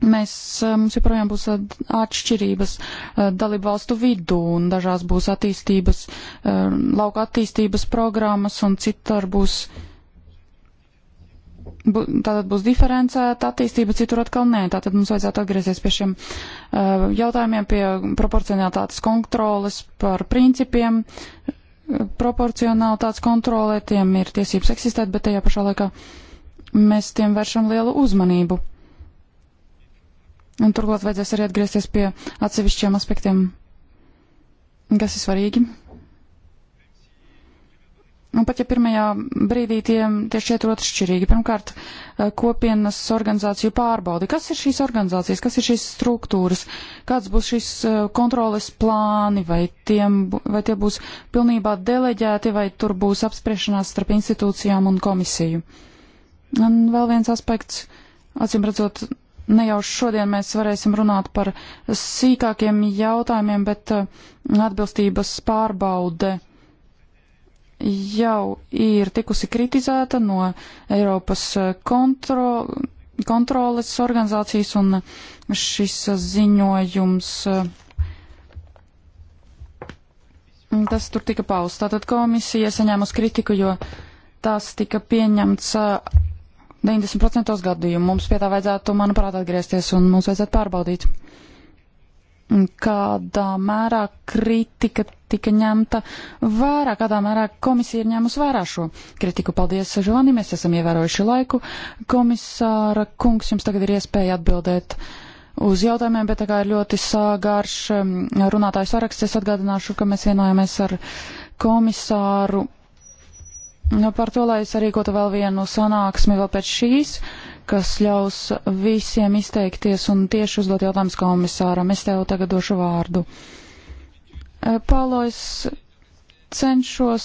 Mēs, eh, mums joprojām būs eh, atšķirības eh, dalību valstu vidū, un dažās būs attīstības, lauka attīstības programmas, un citur būs, bū, tātad būs diferencēta attīstība, citur atkal nē. Tātad mums vajadzētu atgriezties pie šiem jautājumiem, pie proporcionalitātes kontroles par principiem. Proporcionalitātes kontrolē tiem ir tiesības eksistēt, bet tajā pašā laikā mēs tiem vēršam lielu uzmanību. Un turklāt vajadzēs arī atgriezties pie atsevišķiem aspektiem, kas ir svarīgi. Un pat ja pirmajā brīdī tie, tie šķiet otršķirīgi, pirmkārt, eh, kopienas organizāciju pārbaudi. Kas ir šīs organizācijas, kas ir šīs struktūras, kāds būs šīs eh, kontroles plāni, vai, tiem, vai tie būs pilnībā deleģēti, vai tur būs apspriešanās starp institūcijām un komisiju. Un vēl viens aspekts, acīm redzot, ne jau šodien mēs varēsim runāt par sīkākiem jautājumiem, bet uh, atbilstības pārbaude jau ir tikusi kritizēta no Eiropas uh, kontro, kontroles organizācijas, un šis ziņojums. Uh, tas tur tika pausts. Tātad komisija saņēmusi kritiku, jo tas tika pieņemts 90% gadījumu mums pie tā vajadzētu, manuprāt, atgriezties un mums vajadzētu pārbaudīt, kādā mērā kritika tika ņemta vērā, kādā mērā komisija ir ņēmusi vērā šo kritiku. Paldies, Žovani, mēs esam ievērojuši laiku. Komisāra kungs, jums tagad ir iespēja atbildēt uz jautājumiem, bet tā kā ir ļoti sāgārš um, runātājs saraksts, es atgādināšu, ka mēs vienojāmies ar komisāru Nu, par to, lai sarīkotu vēl vienu sanāksmi vēl pēc šīs, kas ļaus visiem izteikties un tieši uzdot jautājumus komisāram. Es tev tagad došu vārdu. Eh, Paulo, es cenšos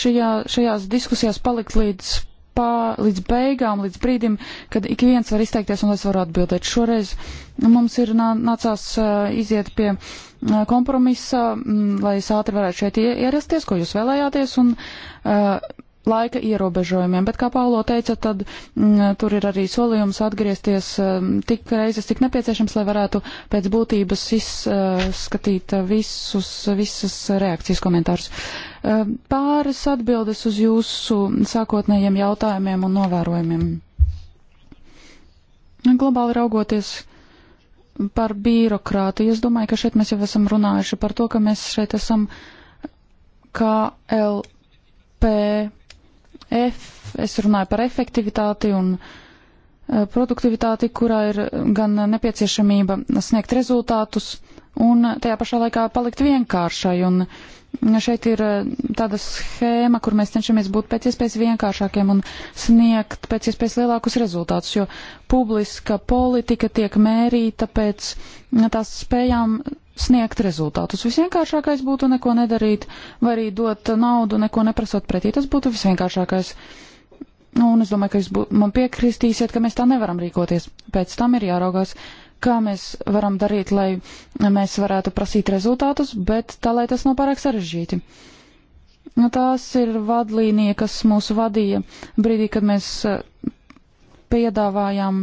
šajā, šajās diskusijās palikt līdz pā, līdz beigām, līdz brīdim, kad ik viens var izteikties un es varu atbildēt. Šoreiz mums ir nā, nācās iziet pie kompromisa, lai es ātri varētu šeit ierasties, ko jūs vēlējāties, un laika ierobežojumiem, bet, kā Paulo teica, tad m, mm, tur ir arī solījums atgriezties m, mm, tik reizes, cik nepieciešams, lai varētu pēc būtības izskatīt visus, visas reakcijas komentārus. E, pāris atbildes uz jūsu sākotnējiem jautājumiem un novērojumiem. Globāli raugoties par birokrātiju, es domāju, ka šeit mēs jau esam runājuši par to, ka mēs šeit esam KLP F, es runāju par efektivitāti un e, produktivitāti, kurā ir gan nepieciešamība sniegt rezultātus un tajā pašā laikā palikt vienkāršai. Un šeit ir e, tāda schēma, kur mēs cenšamies būt pēc iespējas vienkāršākiem un sniegt pēc iespējas lielākus rezultātus, jo publiska politika tiek mērīta pēc tās spējām sniegt rezultātus. Visvienkāršākais būtu neko nedarīt, vai arī dot naudu, neko neprasot pretī. Tas būtu visvienkāršākais. Nu, un es domāju, ka jūs bū, man piekristīsiet, ka mēs tā nevaram rīkoties. Pēc tam ir jāraugās, kā mēs varam darīt, lai mēs varētu prasīt rezultātus, bet tā, lai tas nav pārāk sarežģīti. Nu, tās ir vadlīnija, kas mūs vadīja brīdī, kad mēs piedāvājam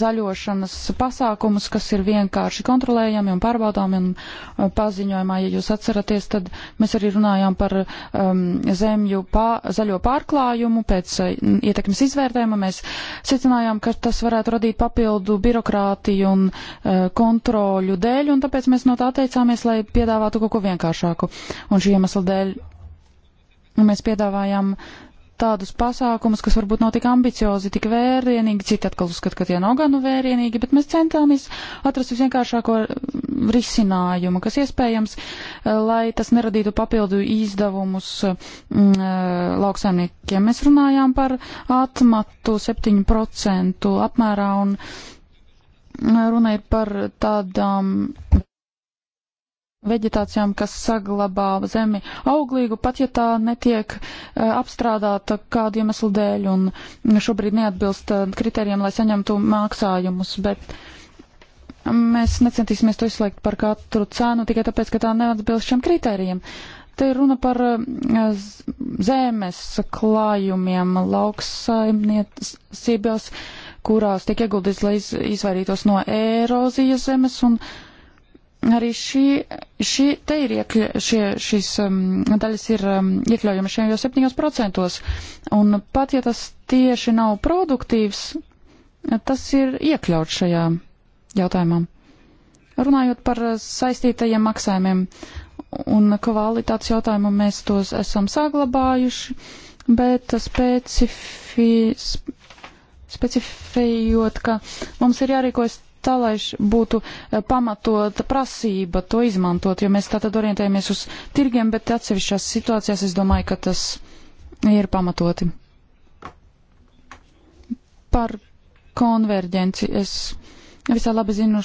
zaļošanas pasākumus, kas ir vienkārši kontrolējami un pārbaudāmi un uh, paziņojumā, ja jūs atceraties, tad mēs arī runājām par um, zemju pā, zaļo pārklājumu pēc uh, ietekmes izvērtējuma. Mēs secinājām, ka tas varētu radīt papildu birokrātiju un uh, kontroļu dēļ, un tāpēc mēs no tā teicāmies, lai piedāvātu kaut ko vienkāršāku. Un šī iemesla dēļ mēs piedāvājām uh, tādus pasākumus, kas varbūt nav tik ambiciozi, tik vērienīgi, citi atkal uzskata, ka tie nav gan vērienīgi, bet mēs centāmies atrast visvienkāršāko risinājumu, kas iespējams, eh, lai tas neradītu papildu izdevumus mm, eh, lauksaimniekiem. Mēs runājām par atmatu 7% apmērā un mm, runa ir par tādām. Um, veģetācijām, kas saglabā zemi auglīgu, pat ja tā netiek eh, apstrādāta kādu iemeslu dēļ un šobrīd neatbilst eh, kritērijiem, lai saņemtu maksājumus, bet mēs necentīsimies to izslēgt par katru cenu tikai tāpēc, ka tā neatbilst šiem kritērijiem. Te ir runa par eh, zemes klājumiem lauksaimniecībās, kurās tiek ieguldīts, lai izvairītos no erozijas zemes un uh, arī šī, šī te ir iekļa, šie, šīs um, daļas ir um, iekļaujama šajos 7%. Un pat ja tas tieši nav produktīvs, tas ir iekļauts šajā jautājumā. Runājot par saistītajiem maksājumiem un kvalitātes jautājumu, mēs tos esam saglabājuši, bet specifi, specifējot, ka mums ir jārīkojas tā, lai būtu eh, pamatota prasība to izmantot, jo mēs tātad orientējamies uz tirgiem, bet atsevišķās situācijās es domāju, ka tas ir pamatoti. Par konverģenci es visā labi zinu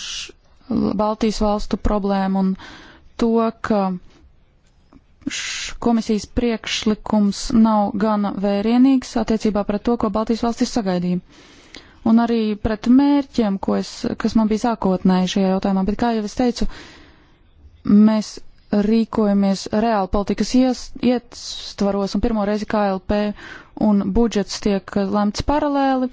Baltijas valstu problēmu un to, ka komisijas priekšlikums nav gana vērienīgs attiecībā pret to, ko Baltijas valstis sagaidīja un arī pret mērķiem, es, kas man bija sākotnēji šajā jautājumā. Bet, kā jau es teicu, mēs rīkojamies reāli politikas ies, ietvaros, un pirmo reizi KLP un budžets tiek lemts paralēli,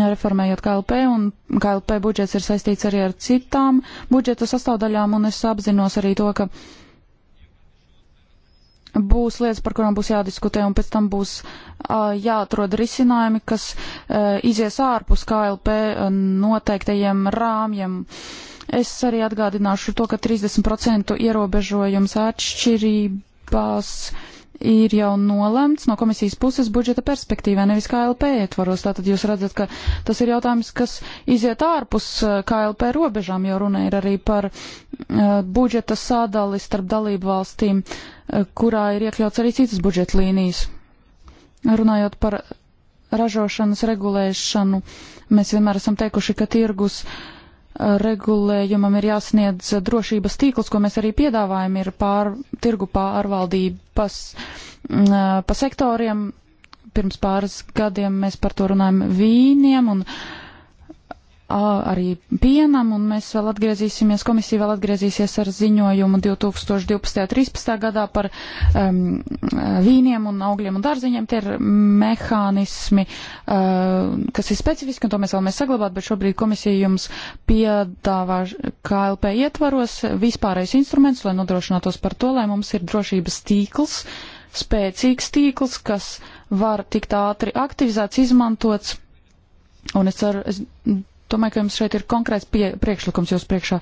reformējot KLP, un KLP budžets ir saistīts arī ar citām budžeta sastāvdaļām, un es apzinos arī to, ka būs lietas, par kurām būs jādiskutē, un pēc tam būs uh, jāatrod risinājumi, kas uh, izies ārpus KLP noteiktajiem rāmjiem. Es arī atgādināšu to, ka 30% ierobežojums atšķirībās ir jau nolemts no komisijas puses budžeta perspektīvā, nevis KLP ietvaros. Tātad jūs redzat, ka tas ir jautājums, kas iziet ārpus eh, KLP robežām, jo runa ir arī par uh, budžeta sādali starp dalību valstīm, uh, kurā ir iekļauts arī citas budžeta līnijas. Runājot par ražošanas regulēšanu, mēs vienmēr esam teikuši, ka tirgus uh, regulējumam ir jāsniedz drošības tīkls, ko mēs arī piedāvājam, ir pār tirgu pārvaldības mm, pa sektoriem. Pirms pāris gadiem mēs par to runājam vīniem un uh, arī pienam, un mēs vēl atgriezīsimies, komisija vēl atgriezīsies ar ziņojumu 2012.13. gadā par um, vīniem un augļiem un dārziņiem. Tie ir mehānismi, uh, kas ir specifiski, un to mēs vēlamies saglabāt, bet šobrīd komisija jums piedāvā KLP ietvaros vispārējais instruments, lai nodrošinātos par to, lai mums ir drošības tīkls, spēcīgs tīkls, kas var tikt ātri aktivizēts, izmantots. Un es ceru, es domāju, ka jums šeit ir konkrēts pie, priekšlikums jūs priekšā.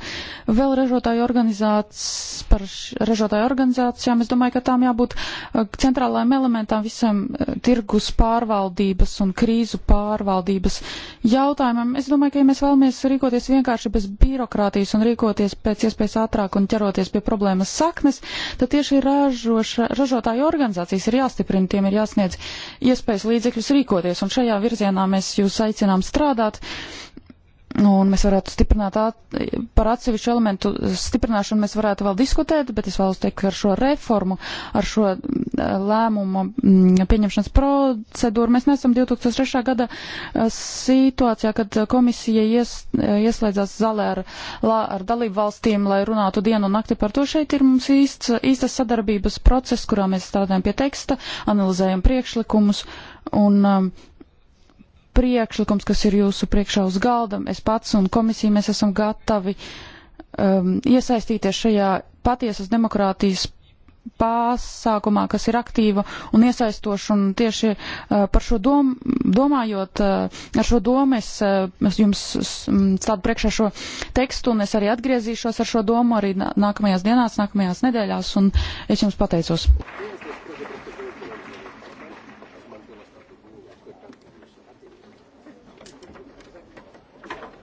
Vēl ražotāju organizācijas, par ražotāju organizācijām, es domāju, ka tām jābūt eh, centrālajām elementām visam eh, tirgus pārvaldības un krīzu pārvaldības jautājumam. Es domāju, ka ja mēs vēlamies rīkoties vienkārši bez birokrātijas un rīkoties pēc iespējas ātrāk un ķeroties pie problēmas saknes, tad tieši ražoša, ražotāju organizācijas ir jāstiprina, tiem ir jāsniedz iespējas līdzekļus rīkoties, un šajā virzienā mēs jūs aicinām strādāt. Nu, un mēs varētu stiprināt at, par atsevišķu elementu stiprināšanu, mēs varētu vēl diskutēt, bet es vēlos teikt, ka ar šo reformu, ar šo mm, lēmumu mm, pieņemšanas procedūru mēs nesam 2003. gada eh, situācijā, kad komisija ies, ieslēdzās zalē ar, ar dalību valstīm, lai runātu dienu un nakti par to. Šeit ir mums īsts, īstas sadarbības process, kurā mēs strādājam pie teksta, analizējam priekšlikumus un um, priekšlikums, kas ir jūsu priekšā uz galdam. Es pats un komisija mēs esam gatavi um, iesaistīties šajā patiesas demokrātijas pasākumā, kas ir aktīva un iesaistoša, un tieši uh, par šo dom, domājot, uh, ar šo domu es, uh, es jums stādu priekšā šo tekstu, un es arī atgriezīšos ar šo domu arī nākamajās dienās, nākamajās nedēļās, un es jums pateicos. Yes.